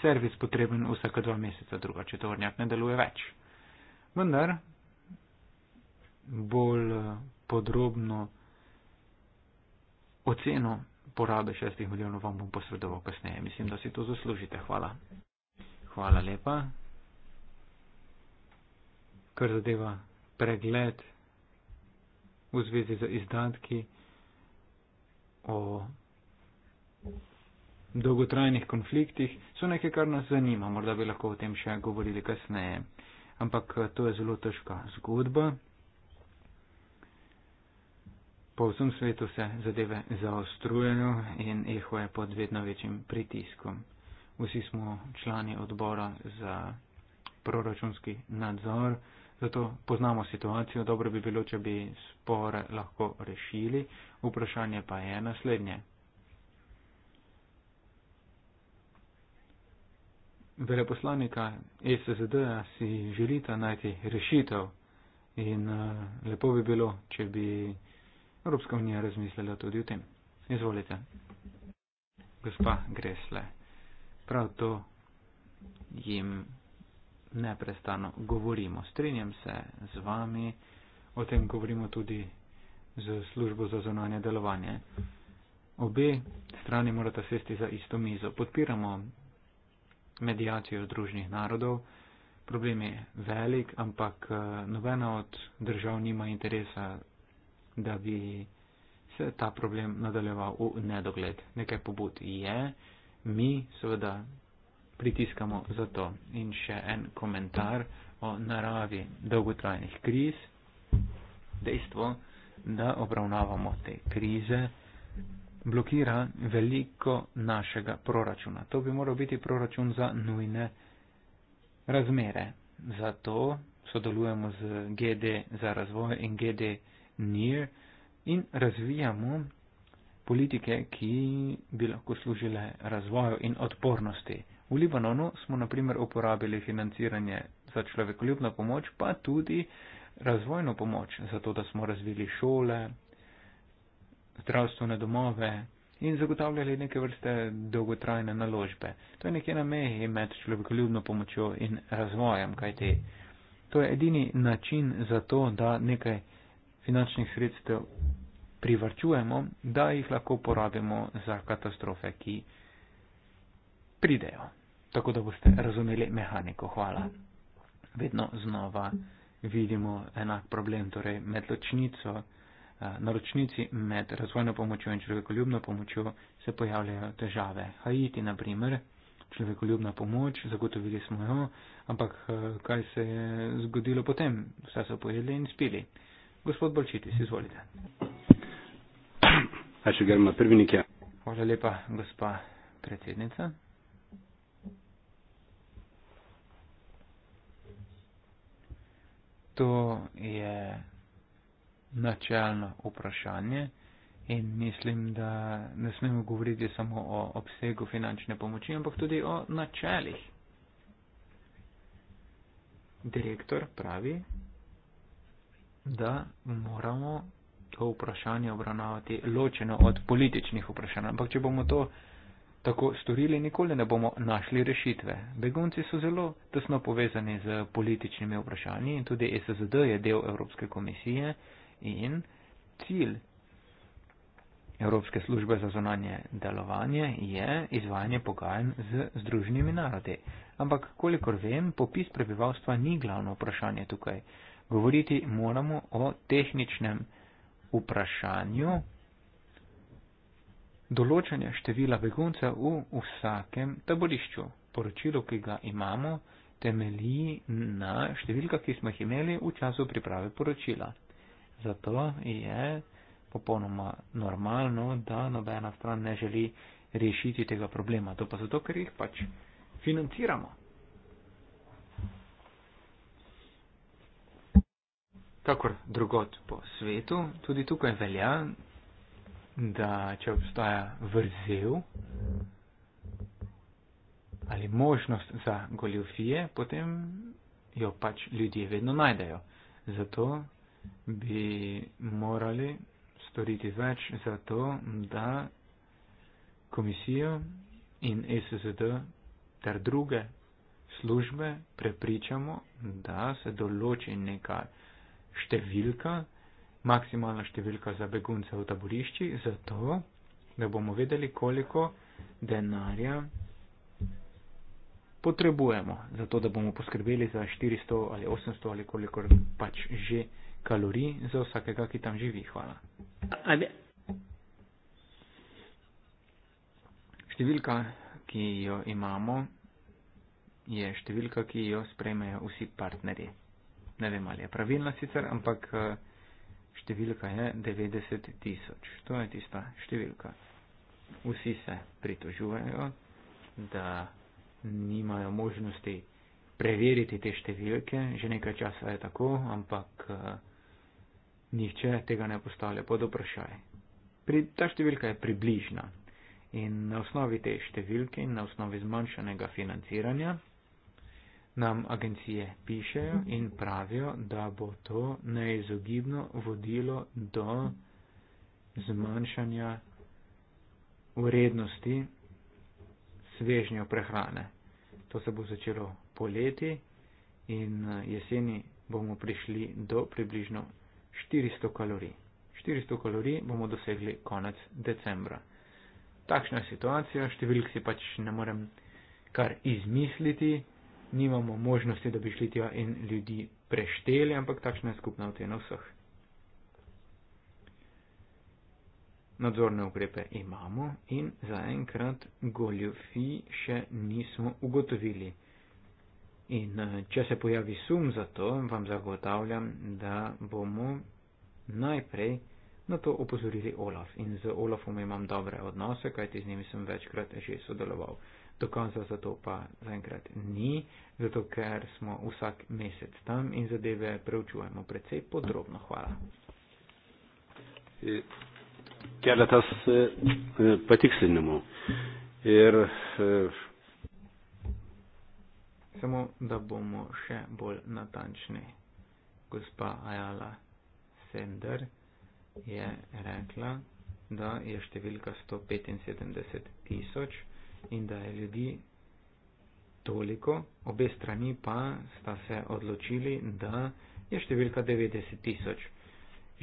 servis potreben vsaka dva meseca, druga, če tovornjak ne deluje več. Vendar bolj eh, podrobno oceno porabe šestih milijonov vam bom posredoval kasneje. Mislim, da si to zaslužite. Hvala. Hvala lepa. Kar zadeva pregled v zvezi z izdatki o dolgotrajnih konfliktih, so nekaj, kar nas zanima. Morda bi lahko o tem še govorili kasneje. Ampak eh, to je zelo težka zgodba. Po vsem svetu se zadeve zaostrujejo in eho je pod vedno večjim pritiskom. Vsi smo člani odbora za proračunski nadzor, zato poznamo situacijo. Dobro bi bilo, če bi spore lahko rešili. Vprašanje pa je naslednje. veleposlanika ESZD-ja si želita najti rešitev in eh, lepo bi bilo, če bi Evropska unija razmislila tudi o tem. Izvolite. Gospa Gresle, prav to jim neprestano govorimo. Strinjam se z vami, o tem govorimo tudi z službo za zonanje delovanje. Obe strani morata sesti za isto mizo. Podpiramo medijacijo družnih narodov. Problem je velik, ampak eh, nobena od držav nima interesa, da bi se ta problem nadaljeval v nedogled. Nekaj pobud je, mi seveda pritiskamo za to. In še en komentar o naravi dolgotrajnih kriz. Dejstvo, da obravnavamo te krize blokira veliko našega proračuna. To bi moral biti proračun za nujne razmere. Zato sodelujemo z GD za razvoj in GD NIR in razvijamo politike, ki bi lahko služile razvoju in odpornosti. V Libanonu smo naprimer uporabili financiranje za človekoljubno pomoč, pa tudi razvojno pomoč, zato da smo razvili šole, zdravstvene domove in zagotavljali neke vrste dolgotrajne naložbe. To je nekje na meji med človekoljubno pomočjo in razvojem, kaj ti. To je edini način za to, da nekaj finančnih sredstev privrčujemo, da jih lahko porabimo za katastrofe, ki pridejo. Tako da boste razumeli mehaniko. Hvala. Vedno znova vidimo enak problem, torej med ločnico naročnici med razvojno pomočjo in človekoljubno pomočjo se pojavljajo težave. Haiti, na primer, človekoljubna pomoč, zagotovili smo jo, ampak kaj se je zgodilo potem? Vse so pojedli in spili. Gospod Bolčitis, izvolite. Hvala lepa, gospa predsednica. To je načelno vprašanje in mislim, da ne smemo govoriti samo o obsegu finančne pomoči, ampak tudi o načelih. Direktor pravi, da moramo to vprašanje obravnavati ločeno od političnih vprašanj, ampak če bomo to tako storili, nikoli ne bomo našli rešitve. Begunci so zelo tesno povezani z političnimi vprašanji in tudi SZD je del Evropske komisije in cilj Evropske službe za zonanje delovanje je izvajanje pogajanj z združenimi narodi. Ampak, kolikor vem, popis prebivalstva ni glavno vprašanje tukaj. Govoriti moramo o tehničnem vprašanju določanja števila beguncev v vsakem taborišču. Poročilo, ki ga imamo, temelji na številkah, ki smo jih imeli v času priprave poročila. Zato je popolnoma normalno, da nobena stran ne želi rešiti tega problema. To pa zato, ker jih pač financiramo. Kakor drugot po svetu, tudi tukaj velja, da če obstaja vrzel ali možnost za goljofije, potem jo pač ljudje vedno najdejo. Zato bi morali storiti več za to, da komisijo in SSD ter druge službe prepričamo, da se določi neka številka, maksimalna številka za begunce v taborišči, zato da bomo vedeli, koliko denarja potrebujemo, zato da bomo poskrbeli za 400 ali 800 ali kolikor pač že kalorij za vsakega, ki tam živi. Hvala. Številka, ki jo imamo, je številka, ki jo sprejmejo vsi partnerji. Ne vem, ali je pravilna sicer, ampak številka je 90 tisoč. To je tista številka. Vsi se pritožujejo, da nimajo možnosti preveriti te številke. Že nekaj časa je tako, ampak. Uh, nihče tega ne postavlja pod vprašaj. Pri, ta številka je približna in na osnovi te številke in na osnovi zmanjšanega financiranja nam agencije pišejo in pravijo, da bo to neizogibno vodilo do zmanjšanja vrednosti svežnjo prehrane. To se bo začelo poleti in eh, jeseni bomo prišli do približno 400 kalorij. 400 kalorij bomo dosegli konec decembra. Takšna je situacija, številk si pač ne morem kar izmisliti, nimamo možnosti, da bi šli tja in ljudi prešteli, ampak takšna je skupna ocena vseh. Nadzorne ukrepe imamo in zaenkrat goljofi še nismo ugotovili. In eh, če se pojavi sum za to, vam zagotavljam, da bomo najprej na to opozorili Olaf. In z Olafom imam dobre odnose, kajti z njimi sem večkrat že sodeloval. Dokaza za to pa zaenkrat ni, zato ker smo vsak mesec tam in zadeve preučujemo precej podrobno. Hvala. Eh, Kjer letas eh, patiksinimo. Ir er, e samo da bomo še bolj natančni. Gospa Ajala Sender je rekla, da je številka 175 tisoč in da je ljudi toliko, obe strani pa sta se odločili, da je številka 90 tisoč.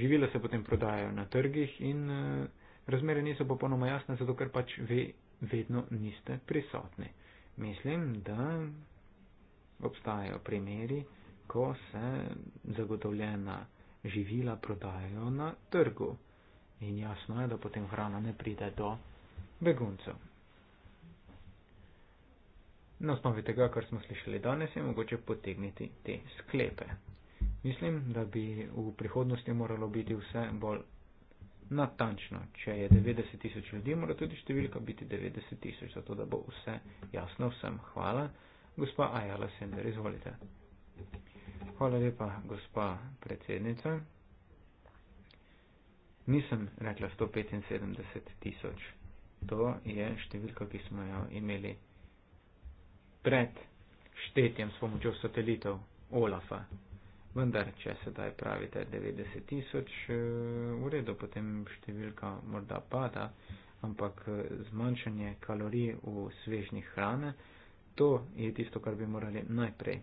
Živila se potem prodajajo na trgih in eh, razmere niso popolnoma jasne, zato ker pač ve, vedno niste prisotni. Mislim, da obstajajo primeri, ko se zagotovljena živila prodajajo na trgu. In jasno je, da potem hrana ne pride do beguncev. Na osnovi tega, kar smo slišali danes, je mogoče potegniti te sklepe. Mislim, da bi v prihodnosti moralo biti vse bolj natančno. Če je 90 tisoč ljudi, mora tudi številka biti 90 tisoč, zato da bo vse jasno vsem. Hvala gospa Ajala Sender, izvolite. Hvala lepa, gospa predsednica. Nisem rekla 175 tisoč. To je številka, ki smo jo imeli pred štetjem s pomočjo satelitov Olafa. Vendar, če sedaj pravite 90 tisoč, eh, v redu, potem številka morda pada, ampak eh, zmanjšanje kalorij v svežnih hrane to je tisto, kar bi morali najprej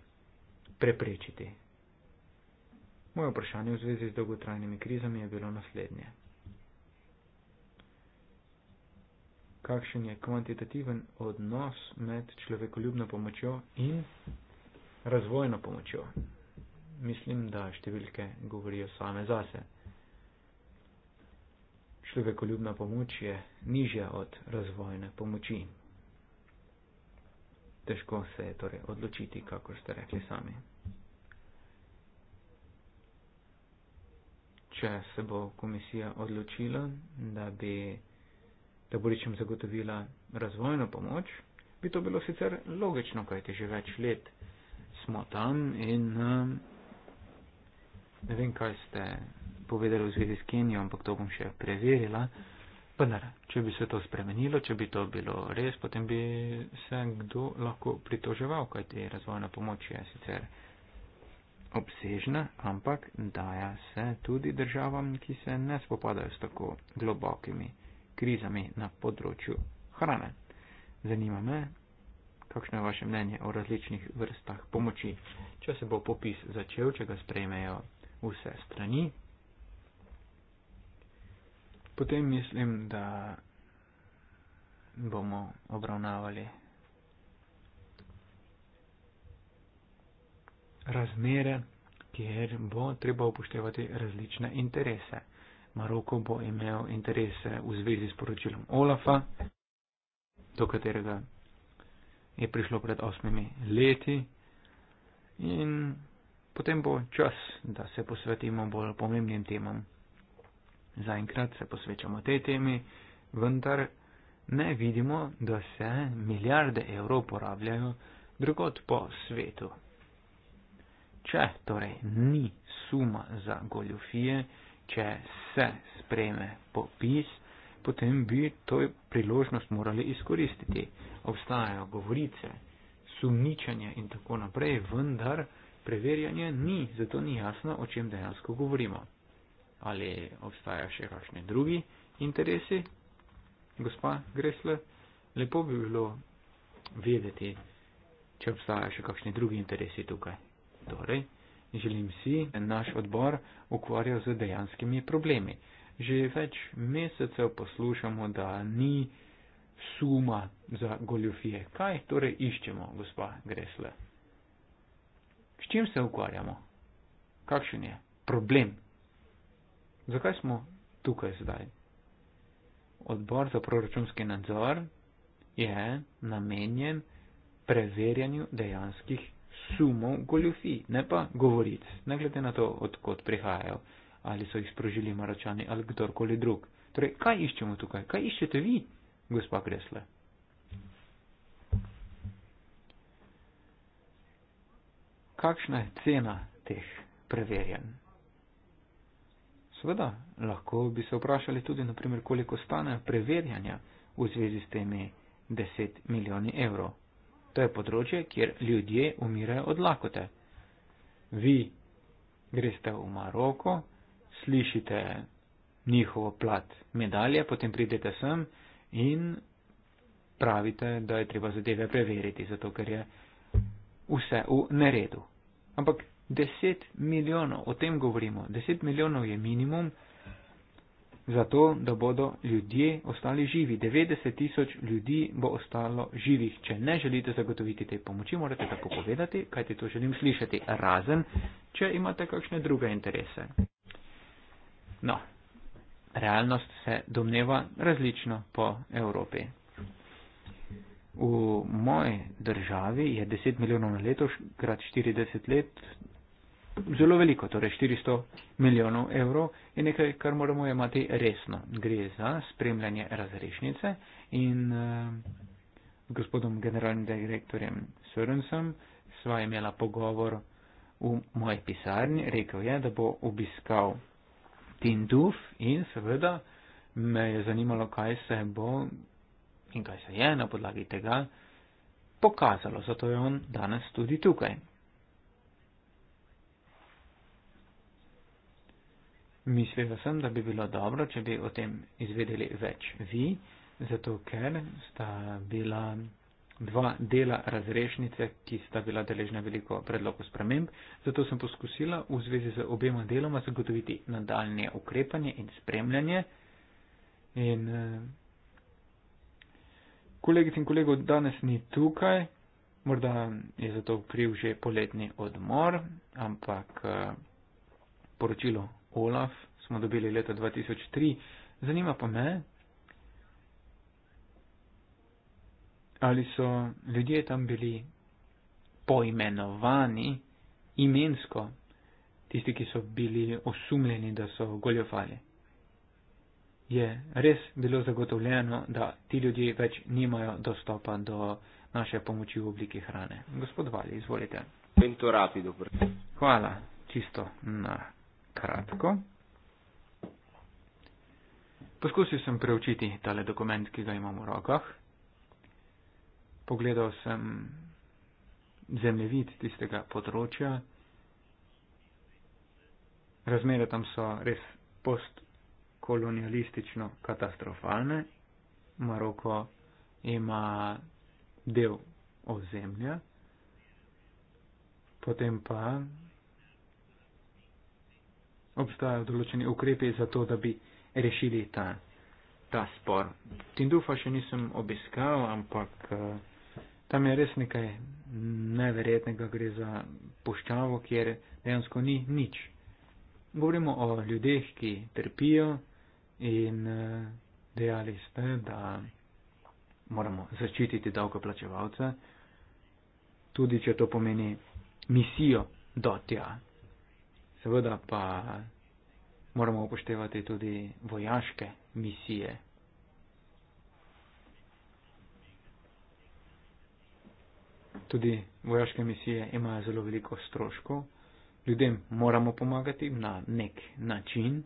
preprečiti. Moje vprašanje v zvezi z dolgotrajnimi krizami je bilo naslednje. Kakšen je kvantitativen odnos med človekoljubno pomočjo in razvojno pomočjo? Mislim, da številke govorijo same zase. Človekoljubna pomoč je nižja od razvojne pomoči težko se je torej odločiti, kako ste rekli sami. Če se bo komisija odločila, da bi taboričem zagotovila razvojno pomoč, bi to bilo sicer logično, kajte že več let smo tam in um, ne vem, kaj ste povedali v zvezi s Kenijo, ampak to bom še preverila. Vendar, če bi se to spremenilo, če bi to bilo res, potem bi se kdo lahko pritoževal, kaj ti razvojna pomoč je sicer obsežna, ampak daja se tudi državam, ki se ne spopadajo s tako globokimi krizami na področju hrane. Zanima me, kakšno je vaše mnenje o različnih vrstah pomoči, če se bo popis začel, če ga sprejmejo vse strani, potem mislim, da bomo obravnavali razmere, kjer bo treba upoštevati različne interese. Maroko bo imel interese v zvezi s poročilom Olafa, do katerega je prišlo pred osmimi leti. In potem bo čas, da se posvetimo bolj pomembnim temam zaenkrat se posvečamo tej temi, vendar ne vidimo, da se milijarde evrov porabljajo drugot po svetu. Če torej ni suma za goljofije, če se spreme popis, potem bi to priložnost morali izkoristiti. Obstajajo govorice, sumničanje in tako naprej, vendar preverjanje ni, zato ni jasno, o čem dejansko govorimo ali obstajajo še kakšni drugi interesi, gospa Gresle. Lepo bi bilo vedeti, če obstajajo še kakšni drugi interesi tukaj. Torej, želim si, da naš odbor ukvarja z dejanskimi problemi. Že več mesecev poslušamo, da ni suma za goljofije. Kaj torej iščemo, gospa Gresle? S čim se ukvarjamo? Kakšen je problem Zakaj smo tukaj zdaj? Odbor za proračunski nadzor je namenjen preverjanju dejanskih sumov goljufij, ne pa govoric, ne glede na to, odkot prihajajo, ali so jih sprožili maročani ali kdorkoli drug. Torej, kaj iščemo tukaj? Kaj iščete vi, gospa Gresle? Kakšna je cena teh preverjanj? Seveda, lahko bi se vprašali tudi, naprimer, koliko stane preverjanja v zvezi s temi 10 milijoni evrov. To je področje, kjer ljudje umirajo od lakote. Vi greste v Maroko, slišite njihovo plat medalje, potem pridete sem in pravite, da je treba zadeve preveriti, zato ker je vse v neredu. Ampak 10 milijonov, o tem govorimo. 10 milijonov je minimum, zato da bodo ljudje ostali živi. 90 tisoč ljudi bo ostalo živih. Če ne želite zagotoviti tej pomoči, morate tako povedati, kajte to želim slišati, razen, če imate kakšne druge interese. No, realnost se domneva različno po Evropi. V moji državi je 10 milijonov na leto, krat 40 let, zelo veliko, torej 400 milijonov evrov, je nekaj, kar moramo imati resno. Gre za spremljanje razrešnice in uh, gospodom generalnim direktorjem Sørensom sva imela pogovor v moji pisarni, rekel je, da bo obiskal Tinduf in seveda me je zanimalo, kaj se bo in kaj se je na podlagi tega pokazalo. Zato je on danes tudi tukaj. Mislila sem, da bi bilo dobro, če bi o tem izvedeli več vi, zato ker sta bila dva dela razrešnice, ki sta bila deležna veliko predlogov sprememb, zato sem poskusila v zvezi z obema deloma zagotoviti nadaljne ukrepanje in spremljanje. In eh, kolegic in kolegov danes ni tukaj, morda je zato kriv že poletni odmor, ampak eh, poročilo Olaf smo dobili leta 2003. Zanima pa me, ali so ljudje tam bili poimenovani imensko, tisti, ki so bili osumljeni, da so goljofali. Je res bilo zagotovljeno, da ti ljudje več nimajo dostopa do naše pomoči v obliki hrane. Gospod Vali, izvolite. Hvala, čisto na kratko. Poskusil sem preučiti tale dokument, ki ga imam v rokah. Pogledal sem zemljevid tistega področja. Razmere tam so res postkolonialistično katastrofalne. Maroko ima del ozemlja, potem pa obstajajo določeni ukrepi za to, da bi rešili ta, ta spor. Tindufa še nisem obiskal, ampak eh, tam je res nekaj neverjetnega, gre za poščavo, kjer dejansko ni nič. Govorimo o ljudeh, ki trpijo in eh, dejali ste, da moramo zaščititi davkoplačevalce, tudi če to pomeni misijo do tja seveda pa moramo upoštevati tudi vojaške misije. Tudi vojaške misije imajo zelo veliko stroškov, ljudem moramo pomagati na nek način.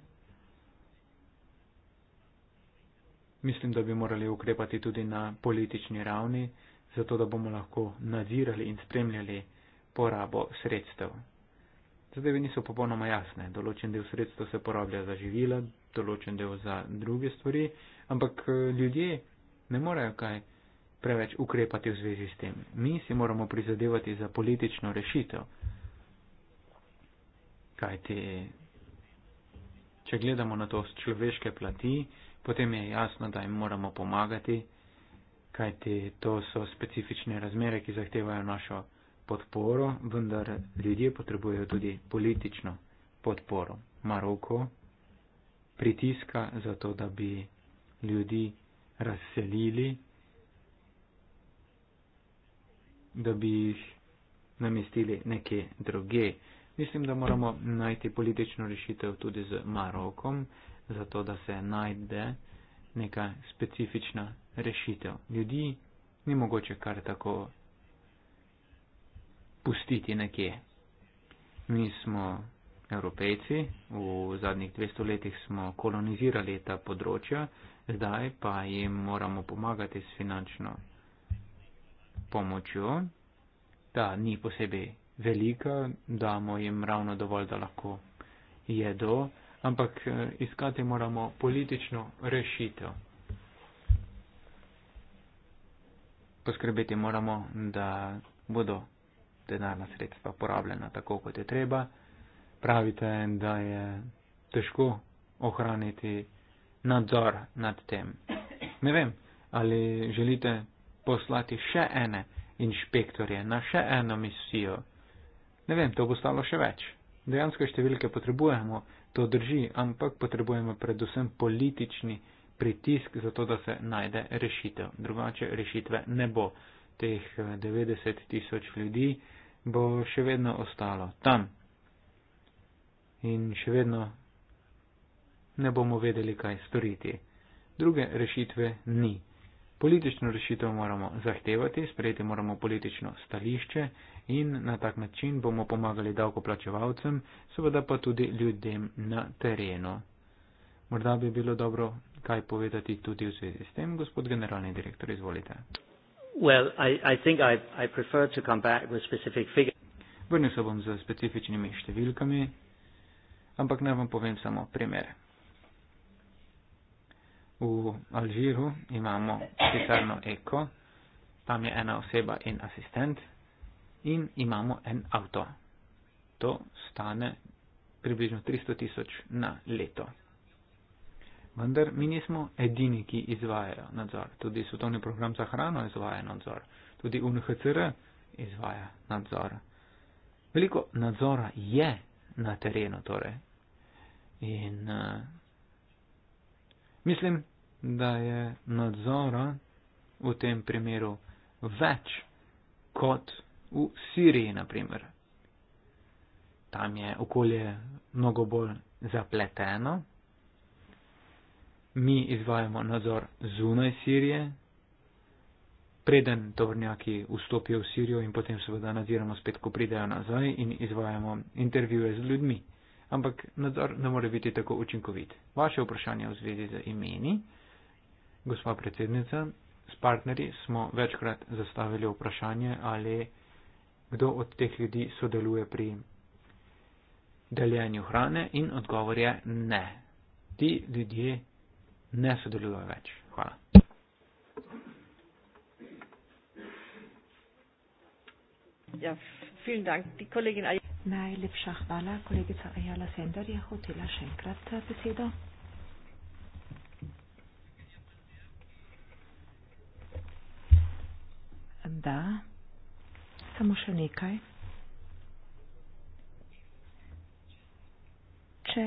Mislim, da bi morali ukrepati tudi na politični ravni, zato da bomo lahko nadzirali in spremljali porabo sredstev zadeve niso popolnoma jasne. Določen del sredstva se porablja za živila, določen del za druge stvari, ampak eh, ljudje ne morejo kaj preveč ukrepati v zvezi s tem. Mi si moramo prizadevati za politično rešitev. Kaj ti, če gledamo na to z človeške plati, potem je jasno, da jim moramo pomagati, kaj ti, to so specifične razmere, ki zahtevajo našo podporo, vendar ljudje potrebujejo tudi politično podporo. Maroko pritiska za to, da bi ljudi razselili, da bi jih namestili neke druge. Mislim, da moramo najti politično rešitev tudi z Marokom, zato da se najde neka specifična rešitev. Ljudi ni mogoče kar tako pustiti nekje. Mi smo evropejci, v zadnjih 200 letih smo kolonizirali ta področja, zdaj pa jim moramo pomagati s finančno pomočjo. Ta ni posebej velika, damo jim ravno dovolj, da lahko jedo, ampak eh, iskati moramo politično rešitev. Poskrbeti moramo, da bodo denarna sredstva porabljena tako, kot je treba. Pravite, da je težko ohraniti nadzor nad tem. Ne vem, ali želite poslati še ene inšpektorje na še eno misijo. Ne vem, to bo stalo še več. Dejansko številke potrebujemo, to drži, ampak potrebujemo predvsem politični pritisk za to, da se najde rešitev. Drugače rešitve ne bo. Teh 90 eh, tisoč ljudi, bo še vedno ostalo tam. In še vedno ne bomo vedeli, kaj storiti. Druge rešitve ni. Politično rešitev moramo zahtevati, sprejeti moramo politično stališče in na tak način bomo pomagali davkoplačevalcem, seveda pa tudi ljudem na terenu. Morda bi bilo dobro kaj povedati tudi v zvezi s tem, gospod generalni direktor, izvolite. Well, I think I prefer to come back with specific figures. Vrnil se bom z specifičnimi številkami, ampak naj vam povem samo primer. V Alžiru imamo pisarno Eko, tam je ena oseba in asistent in imamo en avto. To stane približno 300 tisoč na leto. Vendar mi nismo edini, ki izvajajo nadzor. Tudi Svetovni program za hrano izvaja nadzor. Tudi UNHCR izvaja nadzor. Veliko nadzora je na terenu, torej. In uh, mislim, da je nadzora v tem primeru več kot v Siriji, naprimer. Tam je okolje mnogo bolj zapleteno mi izvajamo nadzor zunaj Sirije, preden tovrnjaki vstopijo v Sirijo in potem seveda nadziramo spet, ko pridejo nazaj in izvajamo intervjuje z ljudmi. Ampak nadzor ne more biti tako učinkovit. Vaše vprašanje v zvezi z imeni, gospa predsednica, s partnerji smo večkrat zastavili vprašanje, ali kdo od teh ljudi sodeluje pri deljenju hrane in odgovor je ne. Ti ljudje ne sodelujejo več. Hvala. Ja, vielen Dank, die Kollegin Ayala. Najlepša hvala, kolegica Ayala Sender je hotela še enkrat eh, besedo. Da, samo še nekaj. Če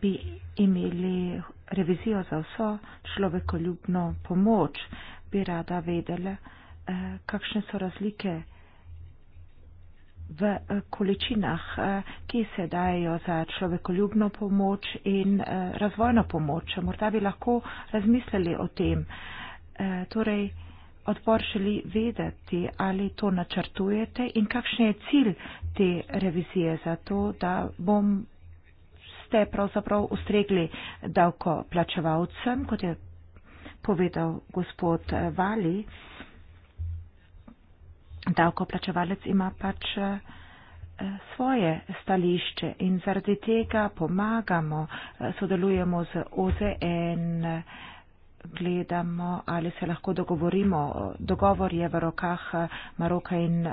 bi imeli revizijo za vso človekoljubno pomoč, bi rada vedela, eh, kakšne so razlike v eh, količinah, eh, ki se dajo za človekoljubno pomoč in razvojno pomoč. Morda bi lahko razmislili o tem. Torej, odbor želi vedeti, ali to načrtujete in kakšen je cilj te revizije za to, da bom ste pravzaprav ustregli davkoplačevalcem, kot je povedal gospod eh, Vali. Davkoplačevalec ima pač eh, svoje stališče in zaradi tega pomagamo, eh, sodelujemo z OZN, gledamo, ali se lahko dogovorimo. Dogovor je v rokah Maroka in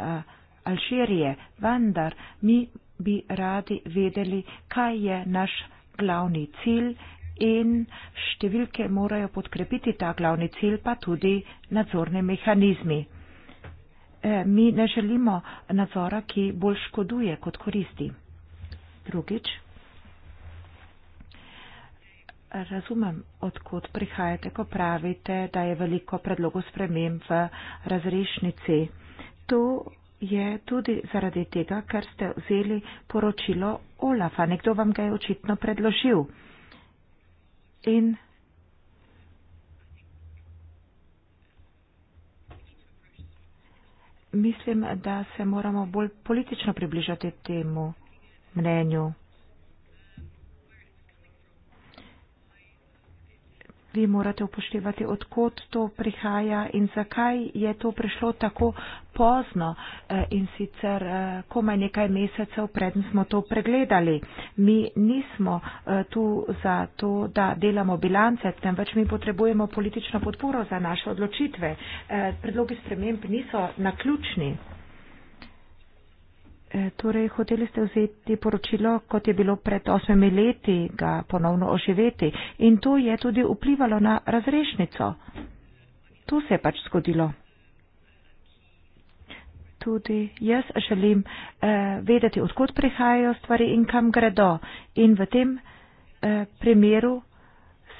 Alžirije, vendar mi bi radi vedeli, kaj je naš glavni cilj in številke morajo podkrepiti ta glavni cilj, pa tudi nadzorni mehanizmi. E, mi ne želimo nadzora, ki bolj škoduje kot koristi. Drugič, razumem, odkot prihajate, ko pravite, da je veliko predlogov sprememb v razrešnici. To je tudi zaradi tega, ker ste vzeli poročilo Olafa. Nekdo vam ga je očitno predložil. In mislim, da se moramo bolj politično približati temu mnenju. vi morate upoštevati, odkot to prihaja in zakaj je to prišlo tako pozno eh, in sicer eh, komaj nekaj mesecev predn smo to pregledali. Mi nismo eh, tu za to, da delamo bilance, temveč mi potrebujemo politično podporo za naše odločitve. Predlogi sprememb niso naključni. E, torej, hoteli ste vzeti poročilo, kot je bilo pred osmimi leti, ga ponovno oživeti in to je tudi vplivalo na razrešnico. To se je pač zgodilo. Tudi jaz želim eh, vedeti, odkud prihajajo stvari in kam gredo. In v tem eh, primeru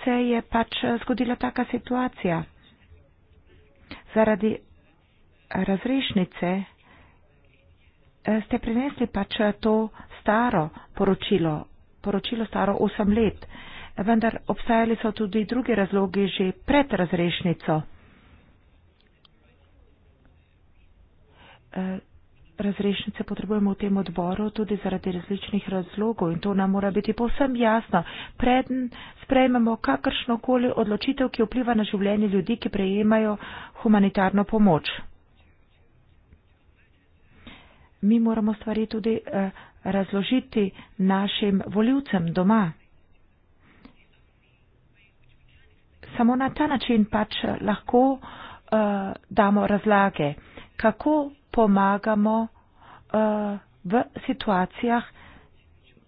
se je pač zgodila taka situacija. Zaradi razrešnice Eh, ste prinesli pač eh, to staro poročilo, poročilo staro 8 let, vendar obstajali so tudi drugi razlogi že pred razrešnico. Eh, razrešnice potrebujemo v tem odboru tudi zaradi različnih razlogov in to nam mora biti povsem jasno. Preden sprejmemo kakršnokoli odločitev, ki vpliva na življenje ljudi, ki prejemajo humanitarno pomoč mi moramo stvari tudi eh, razložiti našim voljivcem doma. Samo na ta način pač lahko uh, damo razlage, kako pomagamo uh, v situacijah,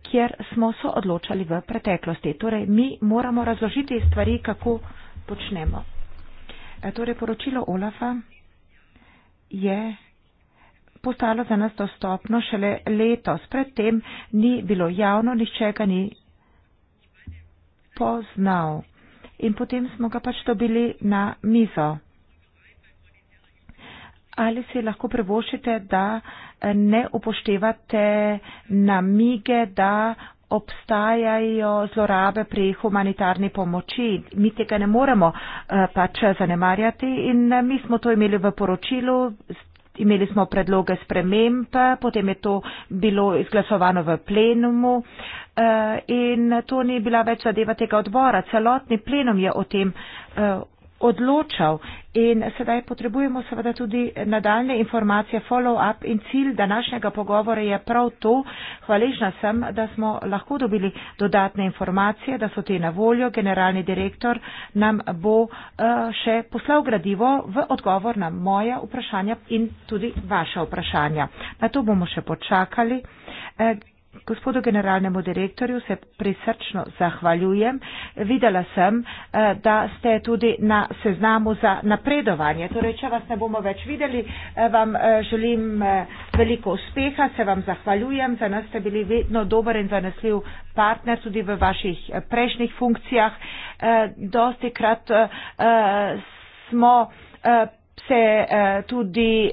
kjer smo se odločali v preteklosti. Torej, mi moramo razložiti stvari, kako počnemo. E, torej, poročilo Olafa je postalo za nas dostopno šele letos. Predtem ni bilo javno, nišče ga ni poznal. In potem smo ga pač dobili na mizo. Ali si lahko prevošite, da ne upoštevate namige, da obstajajo zlorabe pri humanitarni pomoči. Mi tega ne moremo eh, pač zanemarjati in eh, mi smo to imeli v poročilu, imeli smo predloge sprememb, potem je to bilo izglasovano v plenumu eh, in to ni bila več zadeva tega odbora. Celotni plenum je o tem eh, odločal. In sedaj potrebujemo seveda tudi nadaljne informacije, follow-up in cilj današnjega pogovora je prav to. Hvaležna sem, da smo lahko dobili dodatne informacije, da so te na voljo. Generalni direktor nam bo eh, še poslal gradivo v odgovor na moja vprašanja in tudi vaše vprašanja. Na to bomo še počakali. Eh, Gospodu generalnemu direktorju se prisrčno zahvaljujem. Videla sem, eh, da ste tudi na seznamu za napredovanje. Torej, če vas ne bomo več videli, eh, vam eh, želim veliko uspeha, se vam zahvaljujem. Za nas ste bili vedno dober in zanesljiv partner tudi v vaših prejšnjih funkcijah. Dosti krat smo se tudi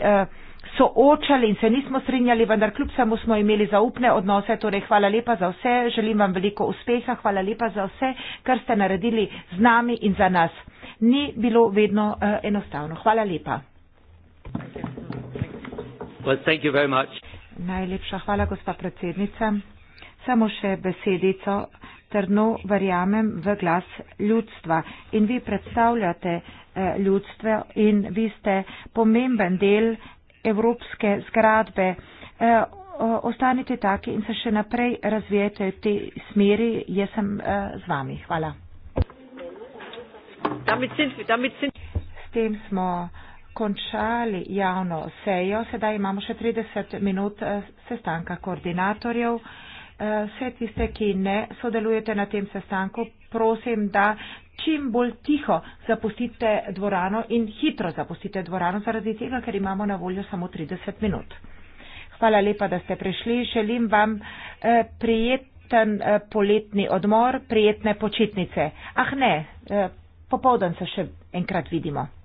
soočali in se nismo strinjali, vendar kljub samo smo imeli zaupne odnose. Torej, hvala lepa za vse, želim vam veliko uspeha, hvala lepa za vse, kar ste naredili z nami in za nas. Ni bilo vedno uh, enostavno. Hvala lepa. Najlepša hvala, gospa predsednica. Samo še besedico. Trdno verjamem v glas ljudstva in vi predstavljate eh, ljudstvo in vi ste pomemben del evropske zgradbe. E, ostanite taki in se še naprej razvijajte v tej smeri. Jaz sem e, z vami. Hvala. Damit sind wir, damit sind... S tem smo končali javno sejo. Sedaj imamo še 30 minut e, sestanka koordinatorjev. Vse tiste, ki ne sodelujete na tem sestanku, prosim, da čim bolj tiho zapustite dvorano in hitro zapustite dvorano, zaradi tega, ker imamo na voljo samo 30 minut. Hvala lepa, da ste prišli. Želim vam eh, prijeten eh, poletni odmor, prijetne počitnice. Ah ne, eh, popovdan se še enkrat vidimo.